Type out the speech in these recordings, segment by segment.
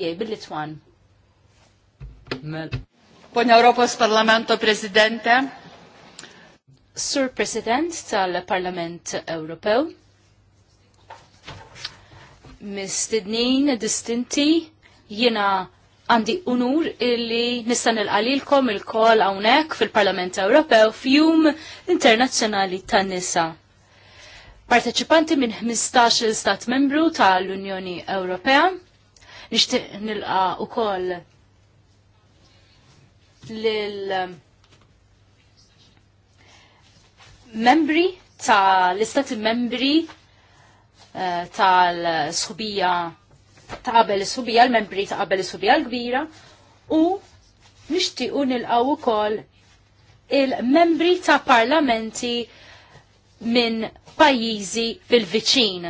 Eh, bil Pone Europos Parlamento Presidente. Sur President tal-Parlament Ewropew. Tidnin, distinti jiena għandi unur illi nistan il-qalilkom il-kol għawnek fil-Parlament Ewropew fjum internazzjonali tan nisa. Parteċipanti minn 15 stat membru tal-Unjoni Ewropea Nixtieq nilqa koll lil um, membri ta' l-istati membri uh, tal-sħubija ta' qabel subija l-membri ta' qabel subija l-kbira u nixtiequ u ukoll il-membri ta' parlamenti minn pajjiżi fil-viċin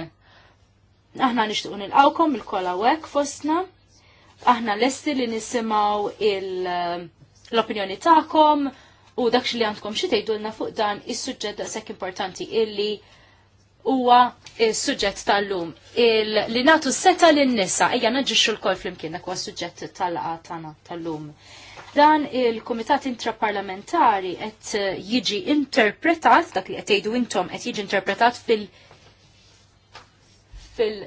Aħna nixtuq nilqawkom il-kola wek fostna. Aħna lesti li nisimaw eh, l-opinjoni ta'kom u dakx li għandkom xi tgħidulna fuq dan is-suġġett daqshekk importanti illi huwa is-suġġett tal-lum. Li nagħtu seta lin-nisa ejja naġġixxu l-kol flimkien dak huwa suġġett tal-laqa tagħna tal-lum dan il-Komitat Intraparlamentari qed eh, jiġi interpretat, dak li qed jgħidu intom qed jiġi interpretat fil- fil-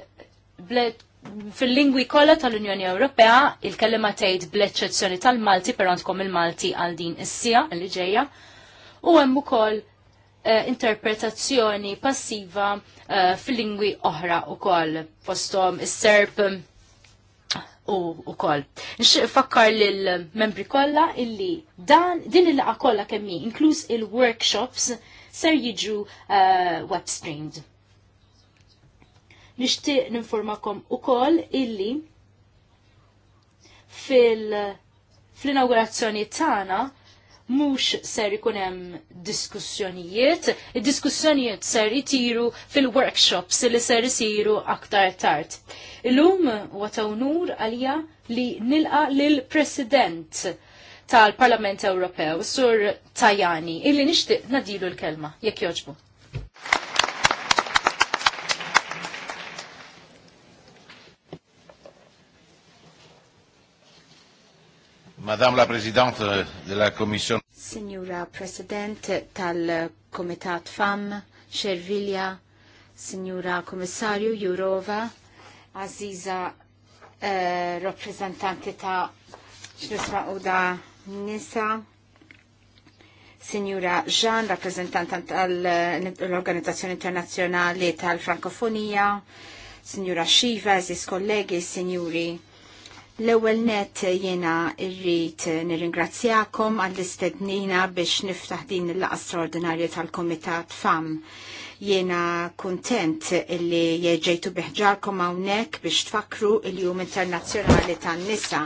fil-lingwi kollha tal-Unjoni Ewropea il-kelma tgħid bl-eċċezzjoni tal-Malti per għandkom il-Malti għal din is-sija li ġejja. U hemm ukoll uh, interpretazzjoni passiva uh, fil-lingwi oħra ukoll fosthom is-Serb u ukoll. Nxieq fakkar lil membri kollha illi dan din il-laqa kollha kemm inkluż il-workshops ser jiġu uh, eh, web streamed. Nixtieq ninformakom ukoll illi fil fl-inaugurazzjoni tagħna mhux ser ikun hemm diskussjonijiet, id-diskussjonijiet ser jitiru fil-workshops li ser isiru aktar tard. Illum huwa unur għalija li nilqa lil President tal-Parlament Ewropew, Sur Tajani, illi nixtieq nadilu l-kelma, jekk joġbu. Madame la Presidente de la Commission. Signora President tal-Komitat FAM, Xervilja, Signora Commissario Jurova, Aziza eh, rappresentanti ta' xnisma Uda nisa, Signora Jean, rappresentant tal organizzazione Internazionale tal-Frankofonija, Signora Shiva, Aziz kollegi, Signori L-ewwel net jiena rrid nirringrazzjakom għall-istednina biex niftaħ din il-laqgħa straordinarja tal-Kumitat FAM. Jiena kuntent illi jieġejtu biħġarkom hawnhekk biex tfakru il-Jum Internazzjonali tan-Nisa.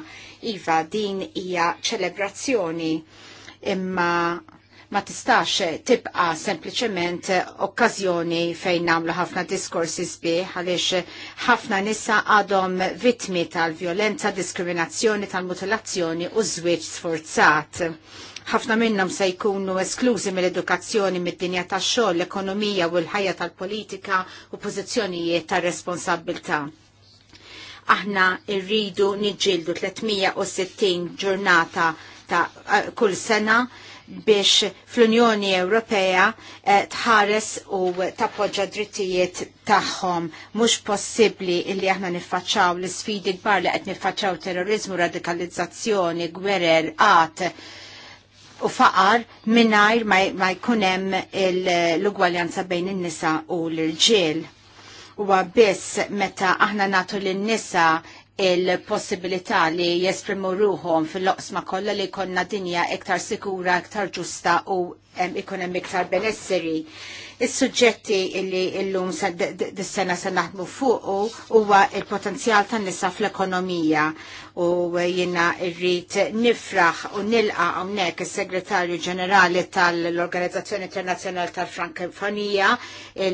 Iva din hija ċelebrazzjoni imma ma tistax tibqa sempliciment okkazjoni fejn namlu ħafna diskorsi sbieħ għaliex ħafna nisa għadhom vittmi tal-violenza, diskriminazzjoni, tal-mutilazzjoni u żwieġ sforzat ħafna minnhom se jkunu esklużi mill-edukazzjoni mid-dinja tax-xogħol, l-ekonomija u l-ħajja tal-politika u pożizzjonijiet tar responsabilità. Aħna rridu niġġieldu 360 ġurnata ta' kull sena biex fl-Unjoni Ewropea eh, tħares u tappoġġa drittijiet tagħhom. Mhux possibbli li aħna niffaċċaw l-isfidi kbar li qed niffaċċaw terrorizmu, radikalizzazzjoni, gwerer, qat u faqar mingħajr ma jkun hemm l-ugwaljanza bejn in-nisa u l-irġiel. Huwa biss meta aħna natu lin nisa il-possibilità li jesprimu ruħom fil-loqsma kollha li konna dinja iktar sikura, iktar ġusta u ikun hemm iktar benesseri. Is-suġġetti li llum dis-sena se naħdmu fuqu huwa il-potenzjal tan-nisa fl-ekonomija u jiena rrid nifraħ u nilqa hawnhekk is-Segretarju Ġenerali tal-Organizzazzjoni Internazzjonali tal-Frankofonija,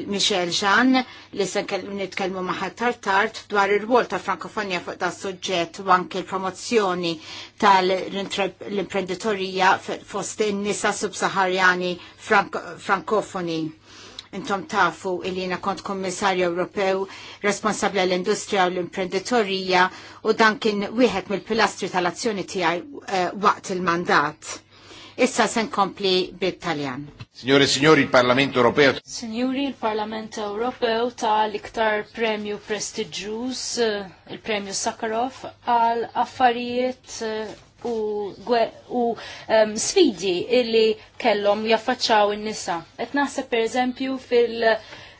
Michel Jean, li se nitkellmu maħal tart dwar ir-rwol tal-Frankofonija fuq da' suġġett u anke l-promozzjoni tal-imprenditorija fost in-nisa subsaharjana Balkani frank frankofoni. Intom tafu il-jina kont kommissarju Ewropew responsabli l-industrija u l-imprenditorija u dan kien wieħed mill-pilastri tal-azzjoni tiegħi eh, waqt il-mandat. Issa sen kompli bit-Taljan. Signore e signori, il Parlamento Europeo. Signori, il Parlamento Europeo ta' l-iktar premju prestigjus, eh, il-premju Sakharov, għal affarijiet eh, u, u um, sfidi illi kellhom jaffaċċaw in-nisa. Qed naħseb pereżempju fil-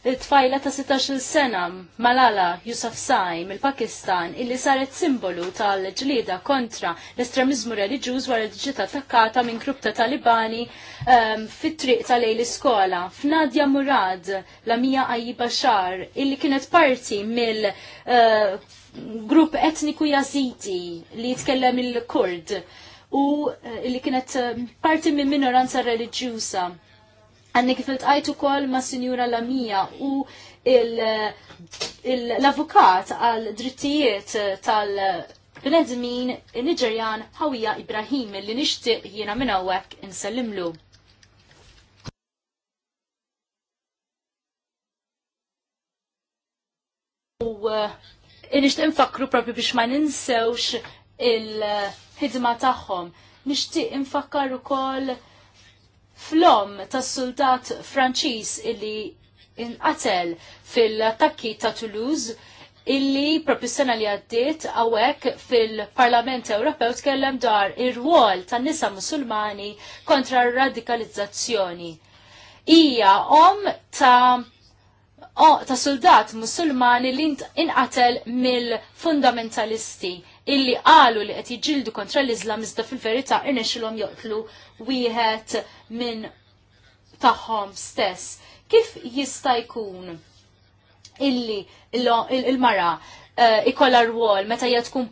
tfajla ta' 16 sena Malala Yousafzai il pakistan illi saret simbolu tal-ġlida kontra l-estremizmu reliġjuż wara l-ġita attakkata minn grupp ta' talibani um, fit-triq ta' l iskola. F'Nadja Murad, la mija Ajiba Xar, illi kienet parti mill- uh, grupp etniku jaziti li jitkellem il-Kurd u eh, li kienet eh, parti minn minoranza reliġjusa. Għanni kif il-tqajtu kol ma' Sinjura Lamija u l-avukat għal drittijiet tal-bnedmin Nigerjan Hawija Ibrahim li nixtieq jiena minn hawnhekk insellimlu. U eh, nishtiq infakru propju biex ma ninsewx il-ħidma tagħhom. Nixtieq infakkar ukoll flom tas-sultat Franċiż illi inqatel fil-attakki ta' Toulouse illi propju sena li għaddiet għawek fil-Parlament Ewropew tkellem dar ir-rwol tan nisa musulmani kontra r-radikalizzazzjoni. Ija om ta' ta' soldat musulmani li inqatel mill-fundamentalisti illi qalu li qed jiġġieldu kontra l-Islam iżda fil-verità irnexxilhom joqtlu wieħed minn tagħhom stess. Kif jista' jkun illi il-mara eh, ikolla rwol meta hija tkun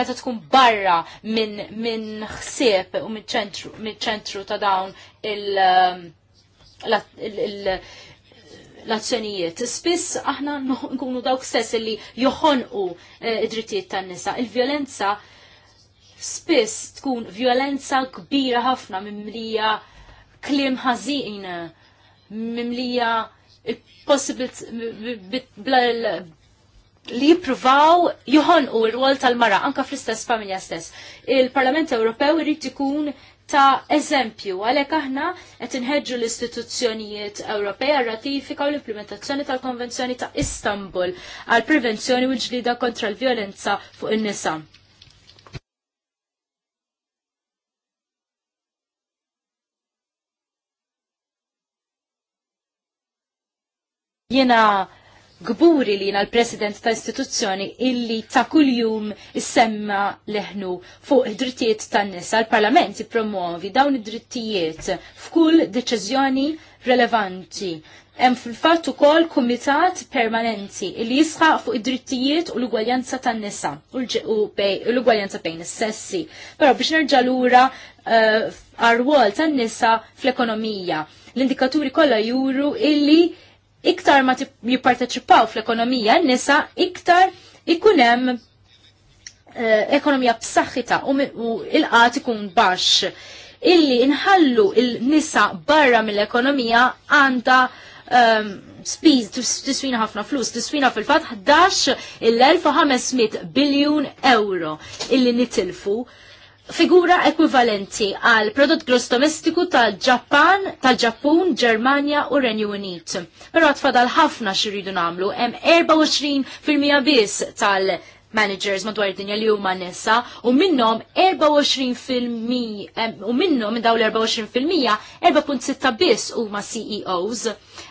meta tkun barra minn minn ħsieb u miċ-ċentru ta' dawn il- eh, l-azzjonijiet. Spiss aħna nkunu dawk stess li joħonqu eh, id-drittijiet tan-nisa. Il-vjolenza spiss tkun violenza kbira ħafna mimlija klim ħażin, mimlija possibil li jipruvaw joħonqu r-rwol tal-mara anka fl-istess familja stess. Il-Parlament Ewropew irid ikun ta' eżempju, għalek aħna qed inħeġġu l-istituzzjonijiet Ewropea ratifika u l-implementazzjoni tal-Konvenzjoni ta' Istanbul għal prevenzjoni u ġlida kontra l violenza fuq in-nisa. Jena gburi li jina l-president ta' istituzzjoni illi ta' kuljum semma leħnu fuq id-drittijiet tan nisa l-parlament jipromuovi dawn id-drittijiet f'kull deċiżjoni relevanti. Hemm fil-fatt ukoll kumitat permanenti li jisħaq fuq id-drittijiet u l-ugwaljanza tan-nisa u l-ugwaljanza bejn is-sessi. Però biex nerġa' lura eh, għar-rwol tan-nisa fl-ekonomija. L-indikaturi kollha juru illi iktar ma jipparteċipaw fl-ekonomija n-nisa iktar ikunem eh, ekonomija b'saħħita u il-qat ikun baxx. Illi inħallu il-nisa barra mill-ekonomija għanda ehm, spiz tiswina ħafna flus, tiswina fil-fatt 11 il-1500 biljun euro illi nitilfu. Uh, figura ekwivalenti għal prodott gross domestiku tal-Ġappan, tal-Ġappun, Ġermanja u Renju Unit. Però għatfadal ħafna xirridu namlu, hemm 24% biss tal- managers madwar id-dinja li huma nisa u minnhom 24% u minnhom minn dawn l-24% 4.6 biss huma CEOs.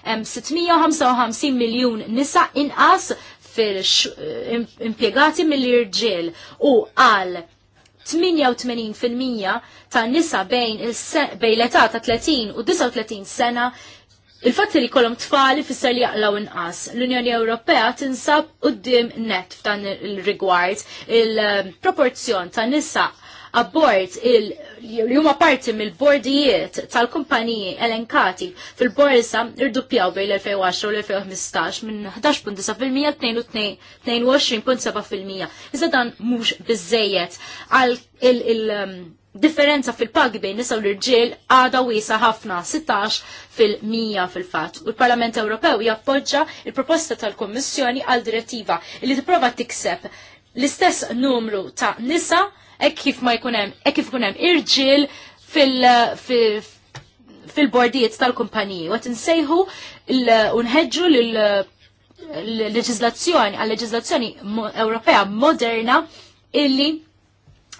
655 miljun nisa inqas fil-impjegati mill-irġiel u għal 88% ta' nisa bejn l-età ta' 30 u 39 sena Il-fatt li kolom tfali fisser li jaqlaw inqas. L-Unjoni Ewropea tinsab qudiem net f'dan il-rigward il-proporzjon eh, ta' nisa abbord li huma parti mill-bordijiet tal-kumpaniji elenkati fil-borsa irdupjaw bejn l-2010 u l-2015 minn 11.9% Iżda dan mhux biżejjed għal il-differenza um, fil pag bejn nisa u l-irġiel għada wiesa ħafna 16 fil-100 fil-fatt. U l-Parlament Ewropew jappoġġa il-proposta tal-Kommissjoni għal direttiva li tipprova tikseb l-istess numru ta' nisa Ek kif ma jkunem, ek kif kunem irġil fil-bordijiet fil, tal-kumpaniji. Għat nsejħu unħedġu l-leġizlazzjoni, għal-leġizlazzjoni Ewropea moderna illi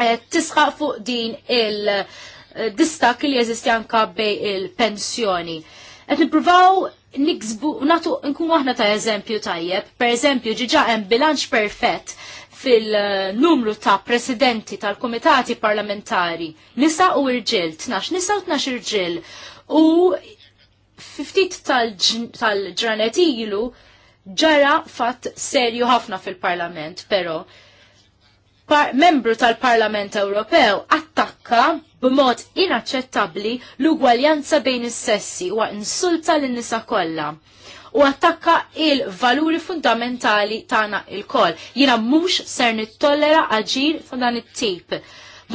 eh, tisħaq fuq din il-distak eh, li jeżisti anka bej il-pensjoni. Qed nipruvaw niksbu natu nkun aħna ta' eżempju tajjeb, per eżempju ġiġa hemm bilanċ perfett fil-numru ta' presidenti tal-komitati parlamentari, nisa u irġil, 12 nisa u 12 irġil, u fiftit tal-ġranet ilu ġara fatt serju ħafna fil-parlament, pero par membru tal-Parlament Ewropew attakka b'mod inaċċettabbli l-ugwaljanza bejn is-sessi wa insulta lin nisa kollha u attakka il-valuri fundamentali tagħna il-koll. Jiena mhux ser nittollera aġir ta' dan it-tip.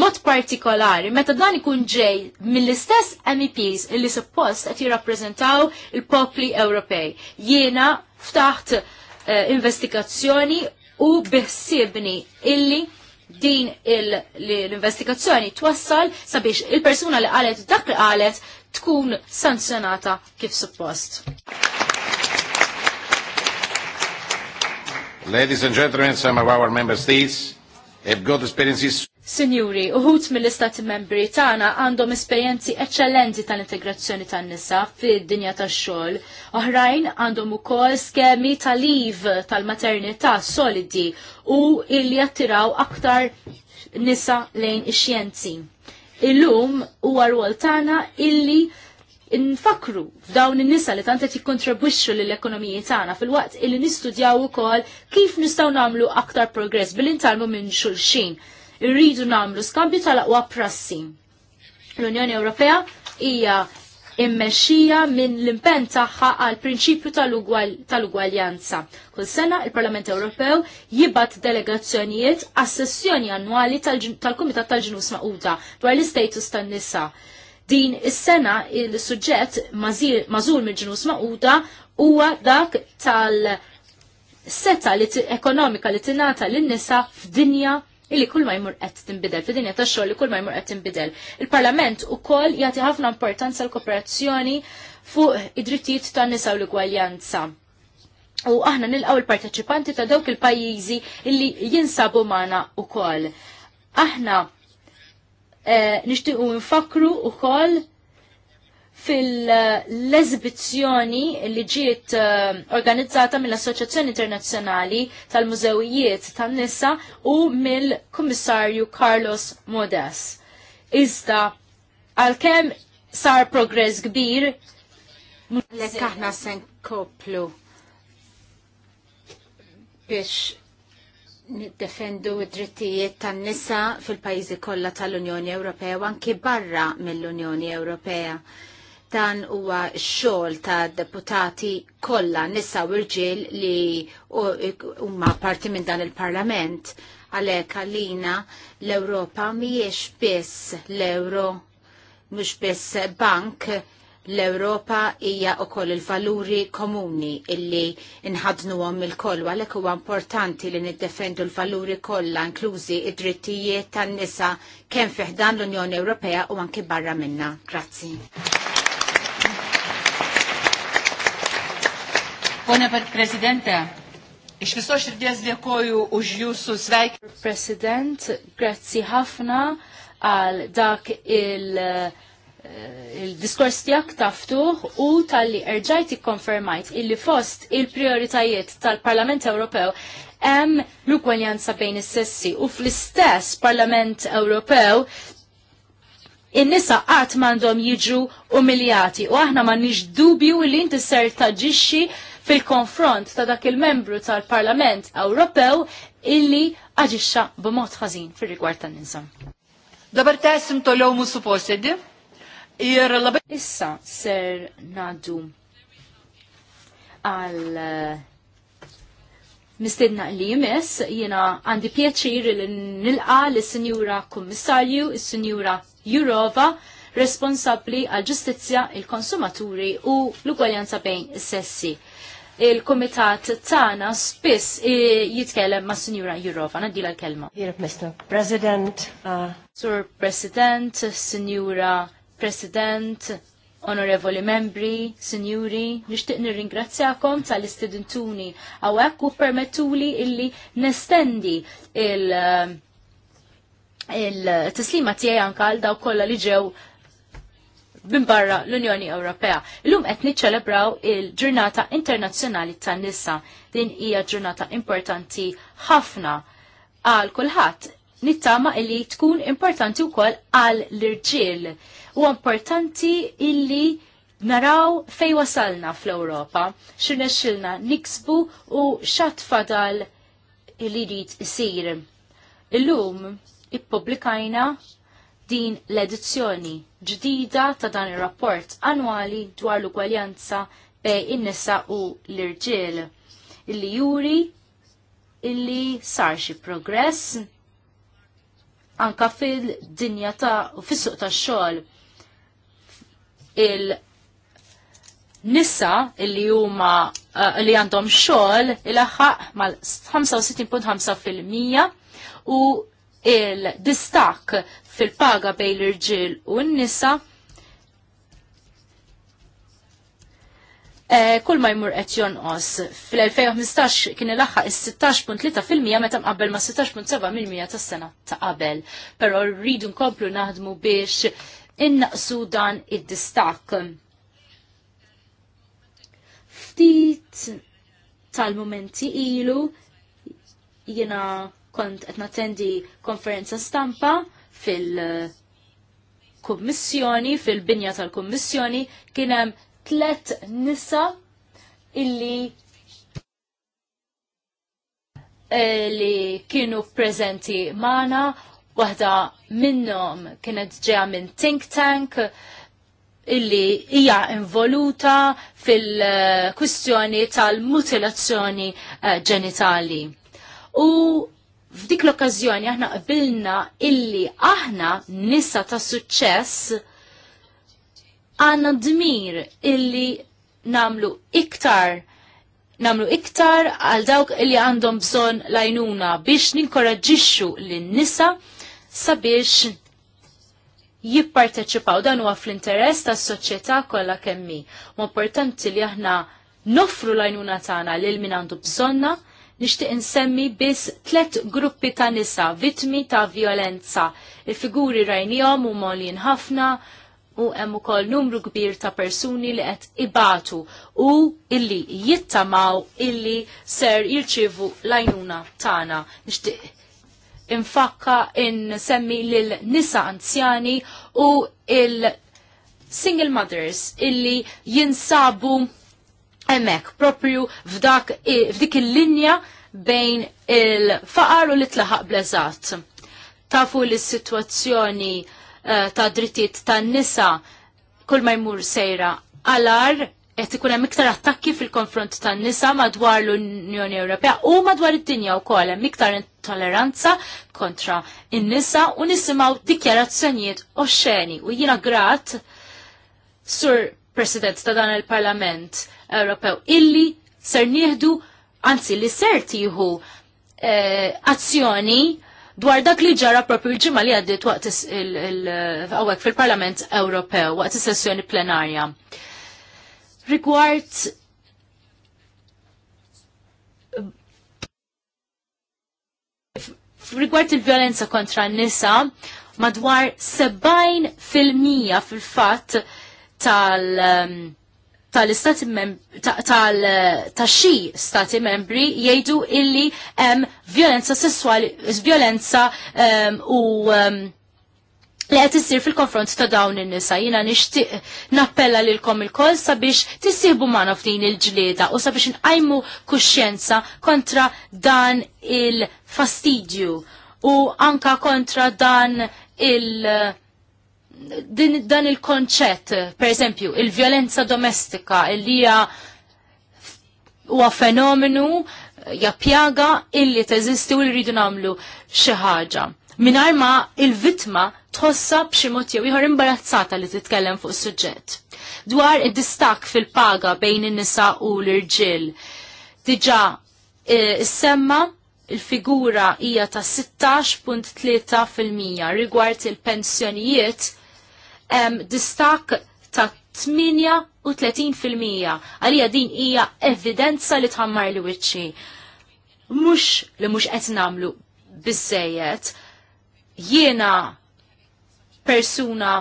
Mod partikolari, meta dan ikun ġej mill-istess MEPs illi suppost qed jirrappreżentaw il-popli Ewropej. Jiena ftaħt uh, investigazzjoni u biħsibni illi din l-investigazzjoni twassal sabiex il-persuna li qalet dak li qalet tkun sanzjonata kif suppost. Ladies and gentlemen, some of our member states have got experiences. Sinjuri, uħut mill-istati membri tagħna għandhom esperjenzi eċċellenti tal-integrazzjoni tan-nisa fid-dinja tax-xogħol. Oħrajn għandhom ukoll skemi tal-liv tal-maternità solidi u illi attiraw aktar nisa lejn ix-xjenzi. Illum huwa rwol tagħna illi infakru f'dawn in-nisa li tant qed jikkontribwixxu lill-ekonomiji tagħna fil-waqt illi nistudjaw ukoll kif nistgħu nagħmlu aktar progress billi ntalmu minn xulxin. Irridu nagħmlu skambju tal-aqwa prassi. L-Unjoni Ewropea hija immexxija minn l-impenn tagħha għal prinċipju tal-ugwaljanza. Kull sena il-Parlament Ewropew jibat delegazzjonijiet għas sessjoni annwali tal-Kumitat tal-Ġnus Maquta dwar l-istatus tan-nisa din is-sena il-suġġett mażul mill ġinus maquta huwa dak tal- seta li ekonomika li tinata lin nisa f'dinja illi kull ma jmur qed tinbidel, f'dinja tax xogħol li kull ma jmur qed tinbidel. Il-Parlament ukoll jagħti ħafna importanza l-kooperazzjoni fuq id-drittijiet tan nisa u l-igwaljanza. U aħna nilqgħu il-parteċipanti ta' dawk il-pajjiżi illi jinsabu magħna ukoll. Aħna Eh, nixtiequ nfakru wkoll fil lezbizjoni li ġiet eh, organizzata mill-Assoċjazzjoni Internazzjonali tal-Mużewijiet tan-Nisa u mill-Kummissarju Carlos Modas. Iżda għalkemm sar progress kbir Lekk aħna sen koplu biex niddefendu id-drittijiet tan-nisa fil-pajjiżi kollha tal-Unjoni Ewropea u anki barra mill-Unjoni Ewropea. Dan huwa x-xogħol ta' deputati kollha nisa u rġiel li huma parti minn dan il-Parlament għalhekk għalina l-Ewropa mhijiex biss l-euro mhux biss bank l-Europa hija ukoll il-valuri komuni illi għom il-koll għalek huwa importanti li niddefendu l-valuri kollha inklużi id-drittijiet tan-nisa kemm fih dan l-Unjoni Ewropea u anki barra minna. Grazzi. Pone Presidente, Ix viso xirdiez djekoju uġ jussu svejk. President, grazzi ħafna għal dak il- Eh, il-diskors tijak taftu u tal-li erġajt ikkonfermajt illi fost il-prioritajiet tal-Parlament Ewropew hemm l-ugwaljanza bejn is-sessi u fl-istess Parlament Ewropew in-nisa qatt m'għandhom jiġu umiljati u aħna m'għandniex dubju li inti ser taġixxi fil-konfront ta' dak il-membru tal-Parlament Ewropew illi aġixxa b'mod ħażin fir-rigward tan-nisa. Dabar tassim tollow musu posedi? Ir la Issa ser nadu għal eh, mistedna li jimess, jena għandi pjaċir li nilqa l-Sinjura Kommissarju, il-Sinjura Jurova, responsabli għal ġustizja il-konsumaturi u l-ugwaljanza bejn sessi. Il-komitat tana spiss eh, jitkellem ma' Sinjura Jurova, nadila l-kelma. Mr. President. Uh... Sur President, Sinjura President, Onorevoli membri, sinjuri, nishtiq nirringrazzjakom tal-istudentuni għawek u permettuli illi nestendi il- il-tislima tiegħi anka għal daw kollha li ġew minn barra l-Unjoni Ewropea. Illum qed niċċelebraw il-Ġurnata Internazzjonali tan-nisa. Din hija ġurnata importanti ħafna għal kulħadd nittama illi tkun importanti wkoll għal l-irġiel. U importanti illi naraw fej wasalna fl-Ewropa, xilna niksbu u xat fadal li jrid isir. Illum ippubblikajna din l-edizzjoni ġdida ta' dan ir-rapport annwali dwar l-ugwaljanza bej in-nisa u l-irġiel illi juri illi sar xi progress anka fil-dinja ta' u fis-suq tax-xogħol. Il nissa li huma uh, eh, li għandhom xogħol ilaħħaq mal-65.5% u il-distak fil-paga bejn l-irġiel u n-nisa Eh, kull ma jmur qed jonqos. Fil-2015 kien ilaħħaq is-16.3% meta mqabbel ma' 16.7% tas-sena ta' qabel. Però rridu nkomplu naħdmu biex innaqsu dan id-distak. Ftit tal-momenti ilu jiena kont qed natendi konferenza stampa fil- kummissjoni, fil-binja tal-kummissjoni, kienem tlet nisa illi eh, li kienu prezenti mana, waħda minnom kienet ġeja minn think tank, illi hija involuta fil-kwistjoni tal-mutilazzjoni eh, ġenitali. U f'dik l-okkazjoni aħna qbilna illi aħna nisa ta' suċċess għanna dmir illi namlu iktar namlu iktar għal dawk illi għandhom bżon lajnuna biex ninkoraġġixxu lin-nisa sabiex jipparteċipaw dan huwa fl-interess tas-soċjetà kollha kemmi. Ma importanti li aħna noffru l-għajnuna tagħna lil min għandu bżonna nixtieq insemmi biss tlet gruppi ta' nisa vittmi ta' violenza. Il-figuri rajnijom u molin ħafna u hemm ukoll numru kbir ta' persuni li qed ibatu u illi jittamaw illi ser jirċivu lajnuna tagħna. Nixtieq infakka insemmi lil nisa anzjani u il single mothers illi jinsabu emmek propju f'dak f'dik il-linja bejn il-faqar u l-itlaħaq blezat. Tafu li s-situazzjoni Eh, ta' drittijiet tan-nisa kull ma jmur sejra għalar qed ikun hemm iktar attakki fil-konfront tan-nisa madwar l-Unjoni Ewropea u madwar id-dinja wkoll hemm iktar intolleranza kontra in-nisa u nisimgħu dikjarazzjonijiet oxxeni u jiena grat sur President ta' dan il-Parlament Ewropew illi ser nieħdu anzi li ser tieħu eh, azzjoni dwar dak li ġara propju l-ġimma li għaddit waqt il-għawek fil-Parlament Ewropew, waqt is-sessjoni plenarja. Rigward rigward il-violenza kontra n-nisa, madwar 70% fil-mija fil-fat tal- um, tal-istati tal-xi stati membri jgħidu illi hemm violenza sessuali, violenza u li qed issir fil-konfront ta' dawn in-nisa. Jina nixtieq nappella lilkom il-koll sabiex tissiebu magħna f'din il-ġlieda u sabiex nqajmu kuxjenza kontra dan il-fastidju u anka kontra dan il- din dan il-konċett, per esempio, il-vjolenza domestika il hija huwa fenomenu ja pjaga illi teżisti u li rridu nagħmlu xi ħaġa. Mingħajr ma il-vittma tħossa b'xi mod jew ieħor imbarazzata li titkellem fuq is-suġġett. Dwar id-distak fil-paga bejn in-nisa u l-irġiel. Diġà e, is-semma il-figura hija ta' 16.3% rigward il-pensjonijiet hemm distak ta' 38% għalija din hija evidenza li tħammar li wiċċi. Mux li mux qed namlu bizzejet, jiena persuna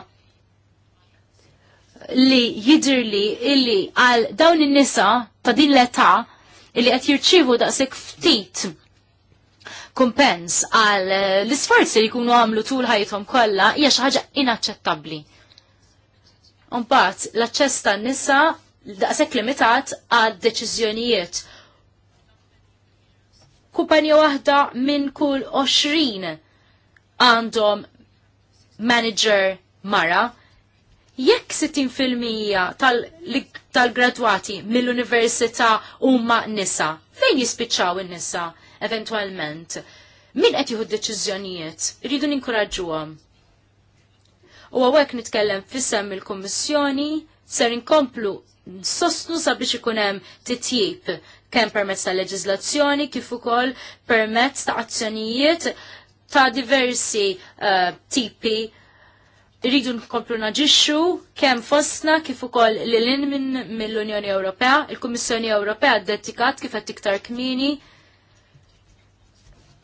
li jidirli illi għal dawn in-nisa ta' din l-età illi qed jirċievu daqshekk ftit kumpens għal l-isforzi li jkunu għamlu tul ħajthom kollha hija xi ħaġa inaċċettabbli. Unbat, l-aċċess tan nisa daqshekk limitat għad deċiżjonijiet. Kumpanija waħda minn kull 20 għandhom manager mara, jekk 60% tal-gradwati tal mill-università huma nisa, fejn jispiċċaw in-nisa eventwalment? Min qed jieħu d-deċiżjonijiet? Irridu ninkoraġġuhom. U għawek nitkellem fissem il-Kommissjoni ser inkomplu sostnu sabiex ikunem titjib kemm permezz ta' leġizlazzjoni kif ukoll permezz ta' azzjonijiet ta' diversi uh, tipi rridu nkomplu naġixxu kemm fostna kif ukoll lil min mill-Unjoni Ewropea, il-Kummissjoni Ewropea dedikat kif qed iktar kmini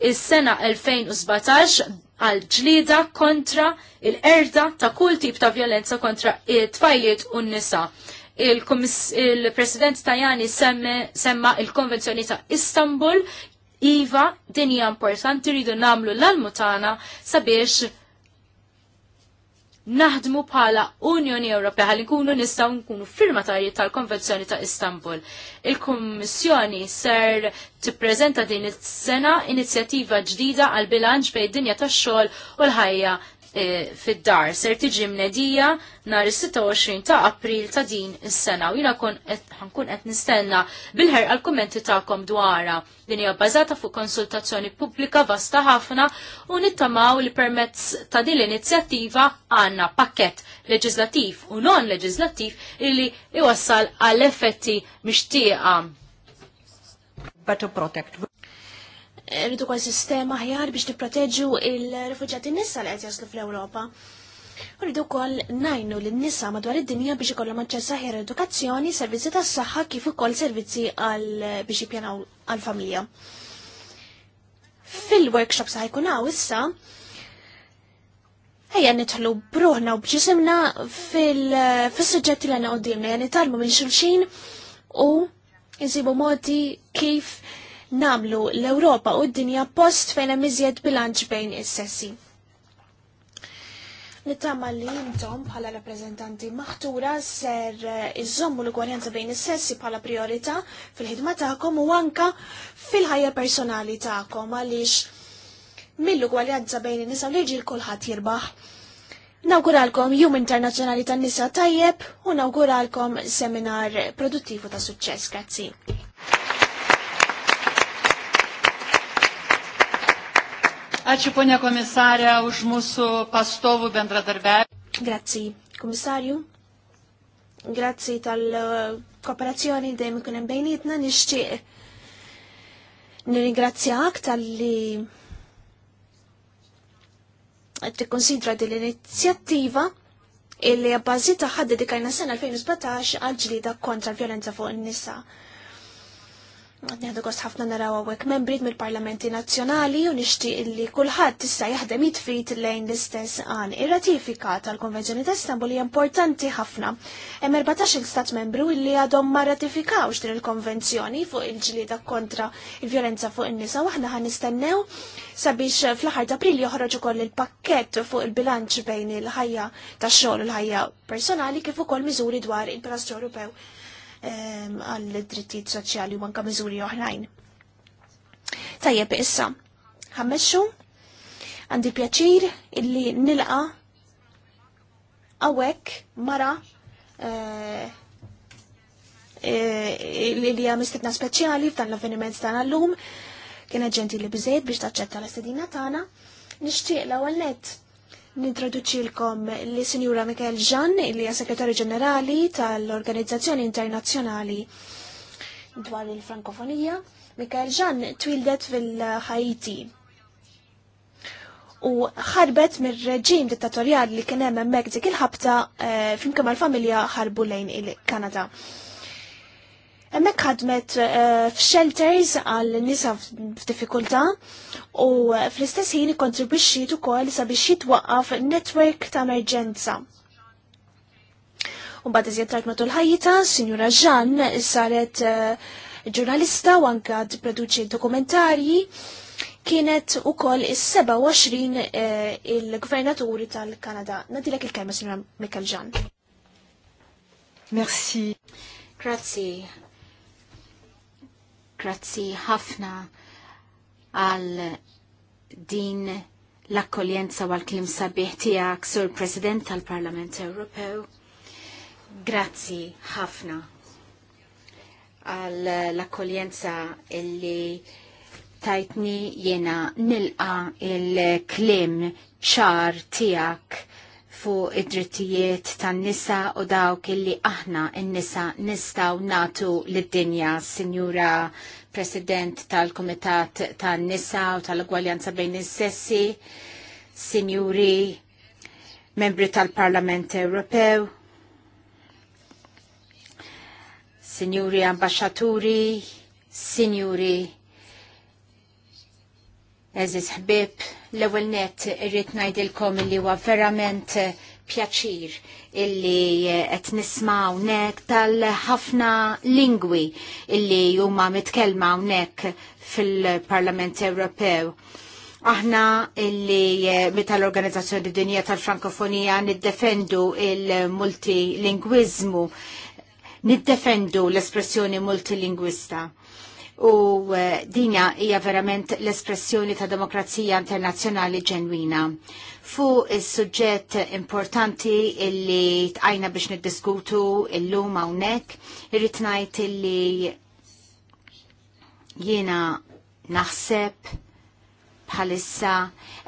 is-sena 2017 għal ġlida kontra il-erda ta' kull tip ta' violenza kontra il tfajliet u n-nisa. Il-President il Tajani semma il-Konvenzjoni ta' Istanbul Iva, dinja importanti rridu namlu l-almutana sabiex naħdmu bħala Unjoni Ewropea li nkunu nistgħu nkunu firmatarji tal-Konvenzjoni ta' Istanbul. Il-Kummissjoni ser tippreżenta din is-sena inizjattiva ġdida għal bilanċ bejn dinja tax-xogħol u l-ħajja E, fid-dar ser tiġi mnedija nhar is-26 ta' April ta' din is-sena u jiena ħankun qed nistenna bil ħer għall kummenti tagħkom dwarha din hija bbażata fuq konsultazzjoni pubblika vasta ħafna u nittamaw li permezz ta' din l-inizjattiva għandna pakkett leġislattiv u non leġislattiv illi iwassal għall effetti mixtieqa. Better protect rridu kwa sistema ħjar biex nipproteġu il-rifugġati nissa li qed jaslu fl-Ewropa. Rridu wkoll najnu lin nisa madwar id-dinja biex ikollhom aċċess aħjar edukazzjoni, servizzi tas-saħħa kif ukoll servizzi għal biex jippjanaw għal familja Fil-workshops ħajkun hawn issa Ejja nitħlu bruħna u bġisimna fil-sujġetti li għana għoddimna, jgħan nitalmu minn xulxin u nsibu modi kif namlu l-Ewropa u d-dinja post fejn hemm iżjed bilanċ bejn is-sessi. Nittama li jintom bħala rappresentanti maħtura ser eh, iżommu l-ugwanjanza bejn is-sessi bħala priorità fil-ħidma tagħkom u anka fil-ħajja personali tagħkom għaliex mill-ugwaljanza bejn in-nisa u l-irġiel kulħadd jirbaħ. Nawguralkom Jum Internazzjonali tan-Nisa tajjeb u nawguralkom seminar produttivu ta' suċċess. Grazzi. Ačiū, ponia komisarė, už mūsų pastovų bendradarbę. Grazzi, komisariu. Grazzi tal-kooperazzjoni dejjem ikun bejnietna nixtieq Nirringrazzja tal-li qed tikkonsidra din l-inizjattiva illi għabbażi taħħa dedikajna sena 2017 għal ġlida kontra l violenza fuq n nisa Nħedu kost ħafna naraw għawek membri mill-parlamenti nazzjonali u nishti illi kullħat tista jaħdem jitfit lejn l-istess għan. Ir-ratifika tal-Konvenzjoni ta' Istanbul hija importanti ħafna. Hemm 14 stat membru illi għadhom ma ratifikawx din il-konvenzjoni fuq il-ġlieda kontra il-vjolenza fuq in-nisa waħna ħan nistennew sabiex fl-aħħar ta' April joħroġ ukoll il-pakkett fuq il-bilanċ bejn il-ħajja tax-xogħol u l-ħajja personali kif ukoll miżuri dwar il-Pilastru Ewropew għal drittijiet soċjali u anka miżuri oħrajn. Tajjeb issa, ħammexxu għandi pjaċir illi nilqa għawek mara eh, eh, illi li għamistitna speċjali f'dan l-avveniment dan għallum kien ġenti li bizzejt biex taċċetta l-istedina tagħna nixtieq l-ewwel net Nintroduċilkom li Sinjura Mikael Ġan, li hija Segretarju Ġenerali tal-Organizzazzjoni Internazzjonali dwar il-Frankofonija. Mikael Ġan twildet fil haiti u ħarbet mir-reġim dittatorjali li kien hemm hemmhekk dik il-ħabta eh, flimkien mal-familja ħarbu lejn il-Kanada. il kanada Emmek ħadmet eh, f-shelters għal nisa f-difikulta u eh, fl-istess ħin kontribwixxi ukoll sabiex jitwaqqaf netwerk ta' emerġenza. U bad iżjed tajt matul ħajjita, Sinjura Ġan saret eh, ġurnalista u anka produċi dokumentarji kienet u kol is-27 il-gvernaturi tal-Kanada. Nadilek il-kelma, Sinjura Mikkel Ġan. Merci. Grazzi, Grazzi ħafna għal din l-akkoljenza għal klim sabiħ tijak sur President tal-Parlament Ewropew. Grazzi ħafna għal l-akkoljenza illi tajtni jena nilqa il-klim ċar tijak fuq id-drittijiet tan-nisa u dawk illi aħna n-nisa nistaw natu lid-dinja, Sinjura President tal-Kumitat tan-Nisa u tal-Ugwaljanza bejn is-sessi, Sinjuri Membri tal-Parlament Ewropew, Sinjuri Ambasċaturi, Sinjuri Eżis Ħbib, L-ewwel net irrid ngħidilkom li huwa verament eh, pjaċir illi eh, qed nisma' hawnhekk tal-ħafna lingwi illi huma mitkellma hawnhekk fil-Parlament Ewropew. Aħna illi eh, meta l-Organizzazzjoni Dinja tal-Frankofonija niddefendu il-multilingwiżmu niddefendu l-espressjoni multilingwista u eh, dinja hija verament l-espressjoni ta' demokrazija internazzjonali ġenwina. Fu is-suġġett importanti illi tqajna biex niddiskutu illum hawnhekk, irrid ngħid illi jiena naħseb bħalissa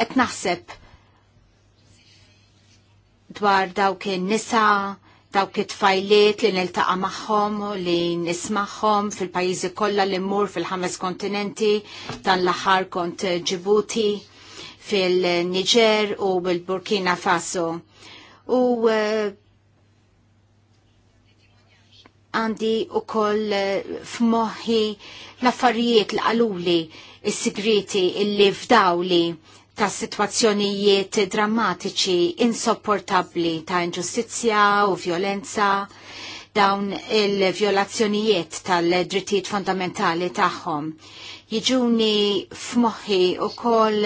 qed naħseb dwar dawk in-nisa' dawk it-tfajliet li niltaqa' magħhom li nismaħħom fil-pajjiżi kollha li mmur fil-ħames kontinenti dan l-aħħar kont Ġibuti fil-Niġer u bil-Burkina Faso. U eh, għandi u koll eh, f'moħħi l-affarijiet l-qaluli, il-sigriti, il-li f'dawli, ta' situazzjonijiet drammatiċi, insopportabli ta' inġustizja u violenza, dawn il-violazzjonijiet tal-drittijiet fondamentali tagħhom. Jiġuni f'moħħi u koll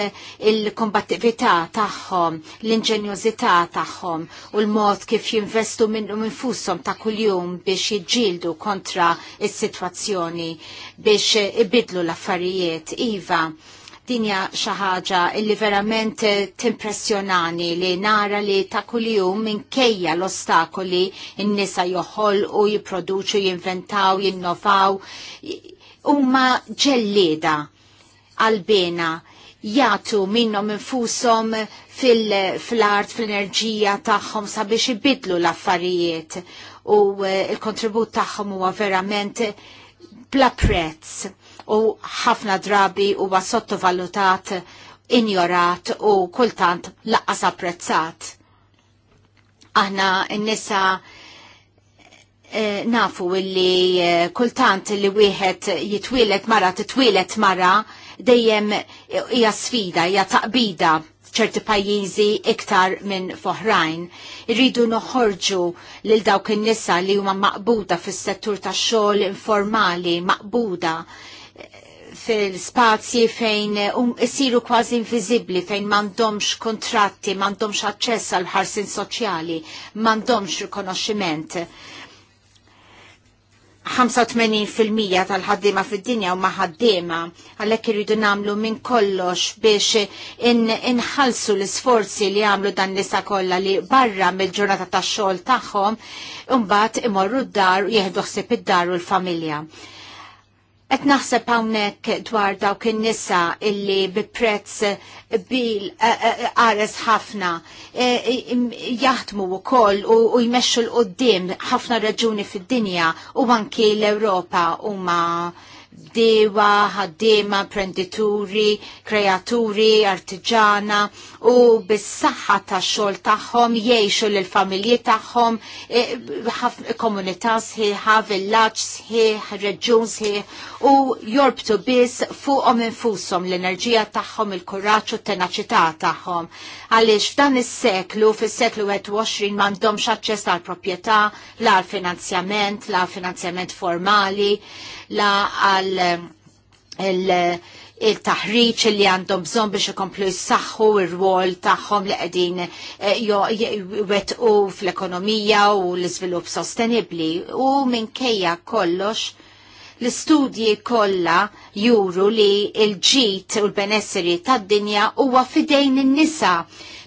il-kombattività tagħhom, l-inġenjużità tagħhom u l-mod kif jinvestu minnu infushom ta' kuljum biex jiġġieldu kontra is-sitwazzjoni biex ibidlu l-affarijiet iva Dinja xi ħaġa li verament timpressjonani li nara li ta' kuljum minkejja l-ostakoli in-nisa joħolqu, jipproduċu, jinventaw, jinnovaw. Huma ġellieda għalbena jagħtu minnhom infushom fil-art, fil-enerġija tagħhom sabiex ibidlu l-affarijiet u eh, l kontribut tagħhom huwa verament bla prezz u ħafna drabi huwa sottovalutat, injorat u kultant laqqas apprezzat. Aħna n-nisa eh, nafu illi eh, kultant li wieħed jitwilet mara titwilet mara dejjem hija sfida, hija taqbida ċerti pajjiżi iktar minn foħrajn. Irridu noħorġu lil dawk in-nisa li huma maqbuda fis-settur tax-xogħol informali, maqbuda fil-spazji fejn um, isiru um, kważi inviżibbli, fejn m'għandhomx kontratti, m'għandhomx aċċess għal ħarsin soċjali, m'għandhomx rikonoxximent. 85% tal-ħaddima fid-dinja u maħaddima għallek irridu namlu minn kollox biex inħalsu in l-sforzi li għamlu dan nisa kolla li barra mill-ġurnata ta' xogħol tagħhom imbagħad imorru d-dar u jieħdu ħsieb id-dar u l-familja. Et naħseb hawnhekk dwar dawk in-nisa illi bi prezz bil qares eh, eh, ħafna eh, jaħdmu wkoll u jmexxu l qoddim ħafna raġuni fid-dinja u anki l-Ewropa huma bdewa, ħaddiema, prendituri, kreaturi, artiġana u bis-saħħa tax-xogħol tagħhom jgħixu lill familji tagħhom komunità sħiħa, villaġġ sħiħ, reġun sħiħ u jorbtu biss fuqhom infushom l-enerġija tagħhom, il-kuraġġ u t-tenaċità tagħhom. Għaliex f'dan is-seklu, fis-seklu 21 m'għandhomx aċċess tal proprjetà, la l finanzjament, la l finanzjament formali, la għal ehm, il-taħriċ li għandhom bżon biex ikomplu jissaxħu ir-rwol tagħhom li qegħdin eh, wetqu fl-ekonomija u l-iżvilupp sostenibbli u minkejja kollox L-istudji kollha juru li l-ġit u l-benesseri tad-dinja huwa fidejn in-nisa.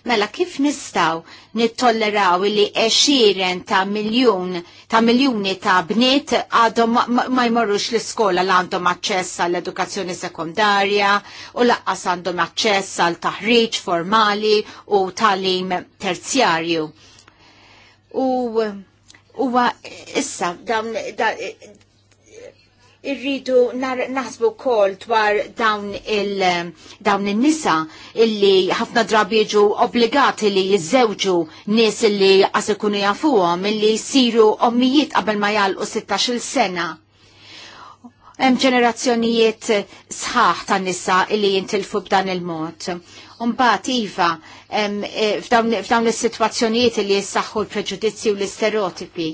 Mela kif nistaw nittolleraw li eċiren ta' miljon ta' miljoni ta' bniet għadhom ma jmorrux l-iskola l għandhom aċċess għall edukazzjoni sekundarja u laqqas għandhom aċċess għal taħriġ formali u talim terzjarju. U huwa issa irridu naħsbu kol dwar dawn il dawn il-nisa illi ħafna drabi jiġu obbligati li jizzewġu nis illi għasikunu jafuhom illi jisiru ommijiet qabel ma jalqu 16 sena. Hemm ġenerazzjonijiet sħaħ ta' nisa illi jintilfu b'dan il-mod. Umbat iva eh, f'dawn is-sitwazzjonijiet li jissaħħu l-preġudizzji u l-istereotipi.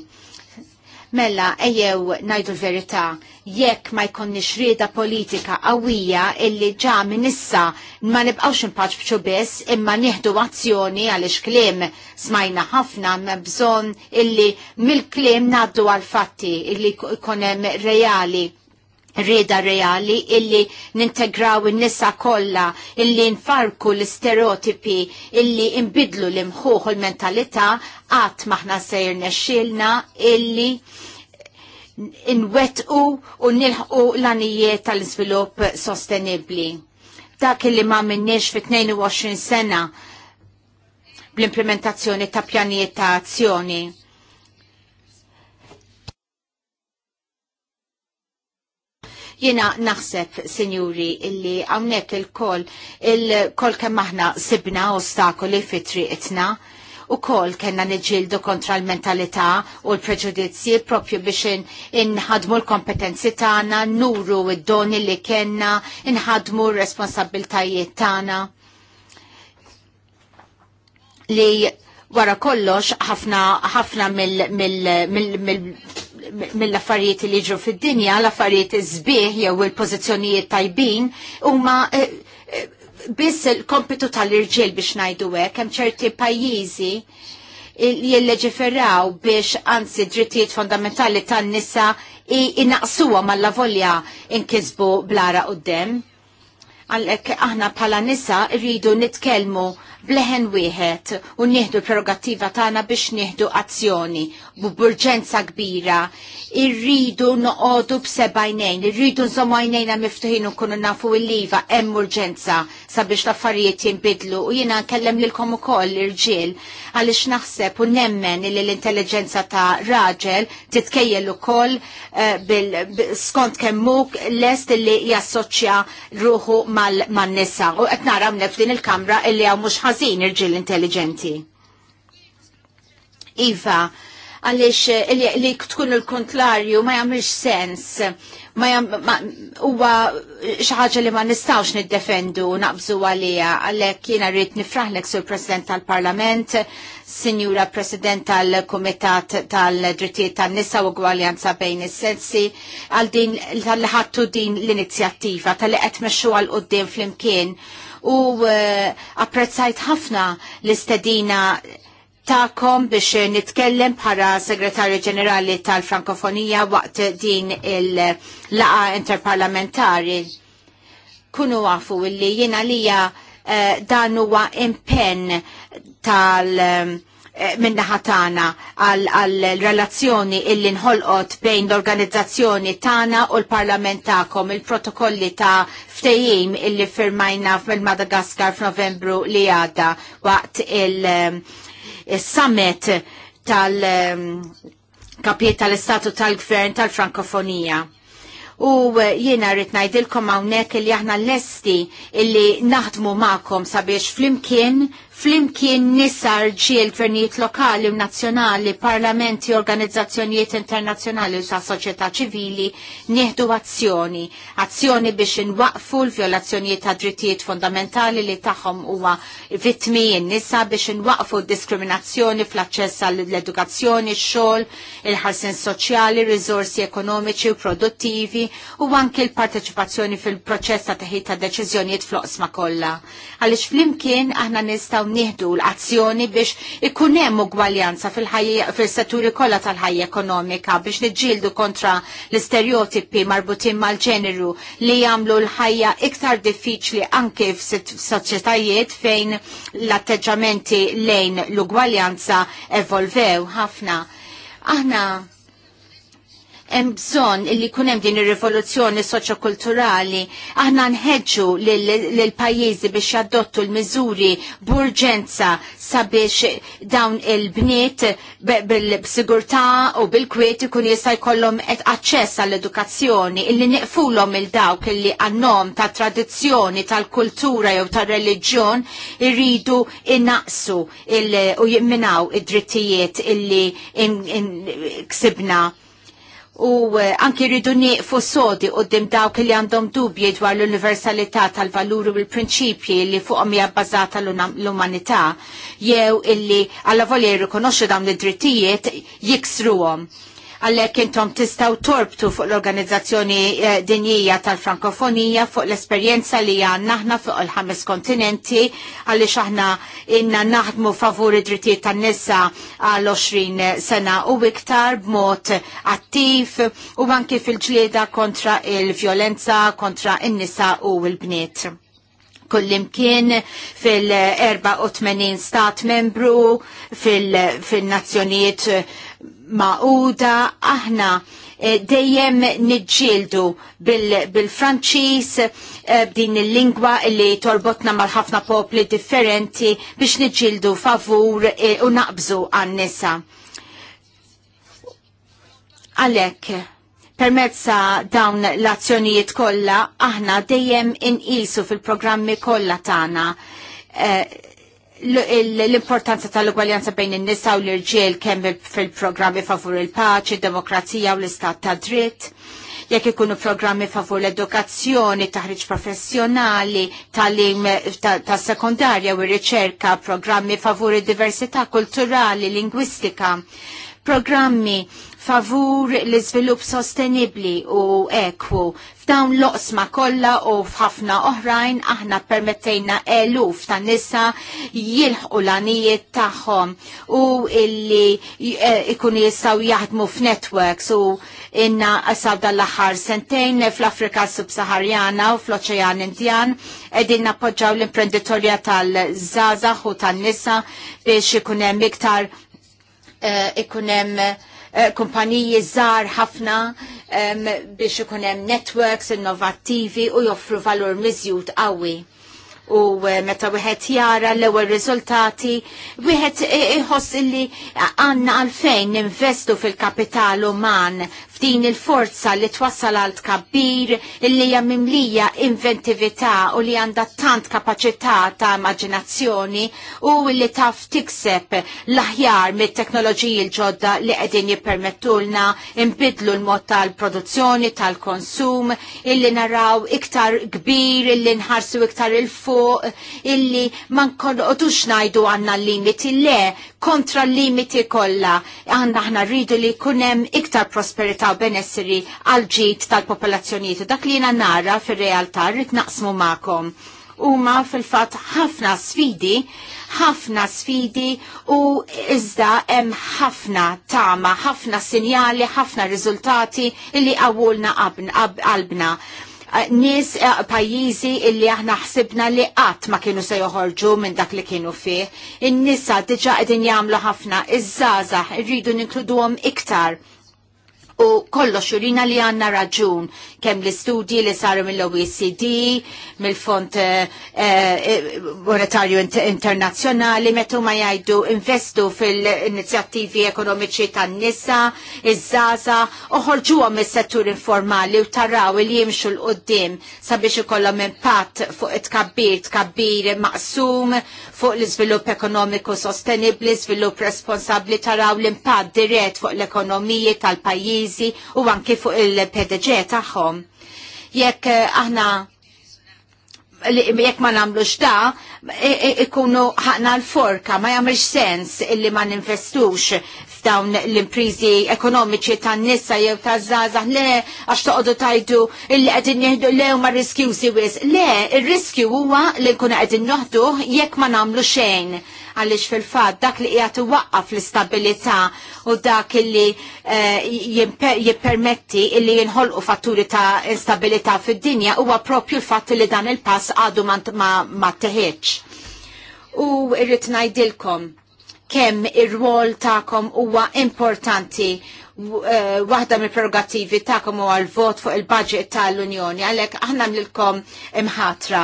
Mella ejjew najdu l-verità jekk ma jkonniex rieda politika qawwija illi ġa minissa issa ma nibqgħux impaċċu biss imma nieħdu azzjoni għaliex kliem smajna ħafna ma bżonn illi mill-kliem ngħaddu għal fatti illi jkun hemm reali rida reali illi nintegraw in-nisa kollha illi nfarku l-istereotipi illi imbidlu l imħuħu l-mentalità qatt maħna sejr nexxilna illi inwetqu u nilħqu l-anijiet tal-iżvilupp sostenibbli. Dak illi ma minniex fi 22 sena bl-implementazzjoni ta' pjanijiet ta' azzjoni jina naħseb, sinjuri, illi għamnek il-kol, il-kol kemm aħna sibna ostakoli fitri itna, u kol kena neġildu kontra l-mentalità u l-preġudizzji propju biex inħadmu l-kompetenzi tagħna, nuru id-doni li kena, inħadmu r-responsabiltajiet tagħna. Li wara kollox ħafna ħafna mill-, mill, mill, mill mill-affarijiet li ġu fid-dinja, l-affarijiet iżbieħ jew il-pożizzjonijiet tajbin huma eh, eh, biss il-kompitu tal-irġiel biex ngħidu hekk hemm ċerti pajjiżi jilleġiferaw biex anzi drittijiet fondamentali tan-nisa inaqsuwa mal-lavolja inkisbu blara qudiem. Għalhekk aħna bħala nisa rridu nitkellmu bleħen wieħed u nieħdu l-prerogattiva tagħna biex nieħdu azzjoni b'urġenza kbira. Irridu noqogħdu b'sebajnejn, irridu nżommu għajnejna miftuħin ukunu nkunu nafu l-liva hemm urġenza sabiex l-affarijiet jinbidlu u jiena nkellem lilkom ukoll l-irġiel għaliex naħseb u nemmen li l-intelligenza ta' raġel titkejjel ukoll eh, skont kemmuk lest li jassoċja ruħu mal-nisa. U qed nara f'din il-kamra illi hawn mhux ħażin irġiel intelligenti. Iva, għaliex eh, li tkun il-kontlarju ma jagħmilx sens, ma huwa xi ħaġa li ma nistgħux niddefendu naqbżu għalija għalhekk jiena rrid nifraħlek sur President tal-Parlament, Sinjura President tal-Kumitat tal-Drittijiet tan-Nisa u Gwaljanza bejn is-sensi għal din tal-ħattu din l-inizjattiva tal-li qed għal-qoddim qudiem flimkien u uh, apprezzajt ħafna l-istedina ta'kom biex nitkellem bħala segretarju ġenerali tal-Frankofonija waqt din il-laqa interparlamentari. Kunu għafu illi jena lija uh, dan huwa impenn tal- um, Eh, minna tagħna għall-relazzjoni illi nħolqot bejn l-organizzazzjoni tagħna u l-Parlament tagħkom il-protokolli ta' ftejim illi firmajna fil-Madagaskar f'Novembru li għadda waqt il-summit ehm, tal- ehm, kapiet tal-istatu tal-gvern tal-Frankofonija u eh, jiena rrit najdilkom hawnhekk li aħna lesti illi naħdmu magħkom sabiex flimkien flimkien nisa rġiel gvernijiet lokali u nazzjonali, parlamenti, organizzazzjonijiet internazzjonali u sa' soċjetà ċivili nieħdu azzjoni. Azzjoni biex inwaqfu l-violazzjonijiet ta' drittijiet fundamentali li tagħhom huwa vittmi nisa biex inwaqfu diskriminazzjoni fl-aċċess għall-edukazzjoni, xogħol, il-ħarsin soċjali, rizorsi ekonomiċi u produttivi u anke l-parteċipazzjoni fil-proċess ta' teħid ta' deċiżjonijiet fl-oqsma kollha. Għaliex flimkien aħna nistgħu nistgħu nieħdu l-azzjoni biex ikun hemm ugwaljanza fil-setturi kollha tal-ħajja ekonomika biex niġġieldu kontra l-istereotipi marbutin mal-ġeneru li jagħmlu l-ħajja iktar diffiċli anke f'soċjetajiet fejn l-atteġġamenti lejn l-ugwaljanza evolvew ħafna. Aħna hemm bżonn li jkun hemm din ir-rivoluzzjoni soċjokulturali. Aħna nħeġġu lil pajjiżi biex jadottu l-miżuri b'urġenza sabiex dawn il-bniet bil-sigurtà u bil-kwiet ikun jista' jkollhom aċċess għall-edukazzjoni illi neqfulhom il dawk illi għannom ta' tradizzjoni tal-kultura jew tal-reliġjon irridu innaqsu u jimminaw id-drittijiet illi ksibna u eh, anki rridu nieqfu sodi qoddim dawk li għandhom dubji dwar l-universalità tal-valuri u l-prinċipji li fuqhom hija bbażata l-umanità jew illi alla volja jirrikonoxxu dawn id-drittijiet jiksruhom għallek intom tistaw torbtu fuq l-Organizzazzjoni eh, Dinjija tal-Frankofonija fuq l-esperjenza li għanna ħna fuq l ħames kontinenti għalli xaħna inna naħdmu favuri drittijiet tan-nisa għal-20 sena u iktar b'mod attiv u anki fil-ġlieda kontra il-vjolenza kontra in-nisa u l-bniet kullimkien fil-84 stat membru fil-nazzjonijiet fil maquda aħna eh, dejjem nġildu bil-Franċis bil eh, b'din il-lingwa li torbotna mal-ħafna popli differenti biex nġildu favur eh, u naqbżu għan-nisa. Għalek, permezza dawn l-azzjonijiet kollha aħna dejjem inqisu fil-programmi kollha tagħna eh, l-importanza tal-ugwaljanza bejn in-nisa u l-irġiel kemm fil-programmi favur il-paċi, id-demokrazija u l-istat ta' dritt, jekk ikunu programmi favur l-edukazzjoni, taħriġ professjonali, talim ta' sekondarja u r-riċerka, programmi favur id-diversità kulturali, lingwistika, programmi favur l-izvilup sostenibli u ekwu. F'dawn loqsma kollha u f'ħafna oħrajn aħna permettejna eluf ta' nisa jilħu l-anijiet tagħhom u illi eh, ikun jistgħu jaħdmu f'networks u inna saw dal l-aħħar sentejn fl-Afrika Subsaharjana u fl-Oċean Indjan qegħdin nappoġġaw l-imprenditorja tal-żgħażagħ u tan-nisa biex ikun hemm iktar uh, ikun hemm Eh, kumpaniji żgħar ħafna biex ikun hemm networks innovattivi u joffru valur mizjut qawwi. U eh, meta wieħed jara l-ewwel riżultati, wieħed iħoss illi għandna għalfejn ninvestu fil-kapital uman f'din il-forza li twassal għal tkabbir illi hija mimlija inventività u li għandha tant kapaċità ta' immaġinazzjoni u li taf tikseb l-aħjar mit-teknoloġiji l-ġodda li qegħdin jippermettulna imbidlu l-mod tal-produzzjoni tal-konsum illi naraw iktar kbir illi nħarsu iktar il-fuq illi ma nkollqotux ngħidu għandna l-limiti le kontra l-limiti kollha. Għandna aħna rridu li kunem iktar prosperità u benessiri għal ġid tal-popolazzjonijiet u dak li jiena nara fir-realtà rrid naqsmu magħkom huma fil-fatt ħafna sfidi, ħafna sfidi u iżda hemm ħafna tama, ħafna sinjali, ħafna riżultati li qawwulna qalbna. Eh, nies eh, pajjiżi illi aħna ħsibna li qatt ma kienu se joħorġu minn dak li kienu fih. In-nisa diġà qegħdin jagħmlu ħafna, iż-żgħażagħ irridu ninkluduhom iktar u kollox xurina li għanna raġun kemm l-istudji li saru mill-OECD, mill-Fond eh, eh, Monetarju Internazzjonali, metu ma jgħidu investu fil-inizjattivi ekonomiċi tan-nisa, iż-żaza, uħorġuhom il settur informali u taraw li jimxu l-qoddim sabiex ikollhom impatt fuq it-kabbir, tkabbir maqsum fuq l-iżvilupp ekonomiku sostenibli, iżvilupp responsabbli taraw l-impatt dirett fuq l-ekonomiji tal-pajjiż pajjiżi u anki fuq il-PDG tagħhom. Jekk eh, aħna jekk ma nagħmlux da, ikunu ħaqna l-forka, ma jagħmilx sens illi ma ninvestux dawn l-imprizi ekonomiċi ta' nissa jew ta' zaza, le, għax toqdu tajdu il-li għedin jihdu le u ma' riskju siwis. Le, il-riskju huwa li nkunu għedin noħdu jekk ma' namlu xejn għalix fil-fat dak li jgħatu waqqaf l-istabilità u dak li eh, jippermetti illi jinħolqu fatturi ta' instabilità fid-dinja huwa propju l fat li dan il-pass għadu ma' teħieċ. U irrit najdilkom kemm ir-rwol tagħkom huwa importanti eh, waħda mill prerogativi tagħkom huwa l-vot fuq il-budget tal-Unjoni għalhekk aħna nilkom imħatra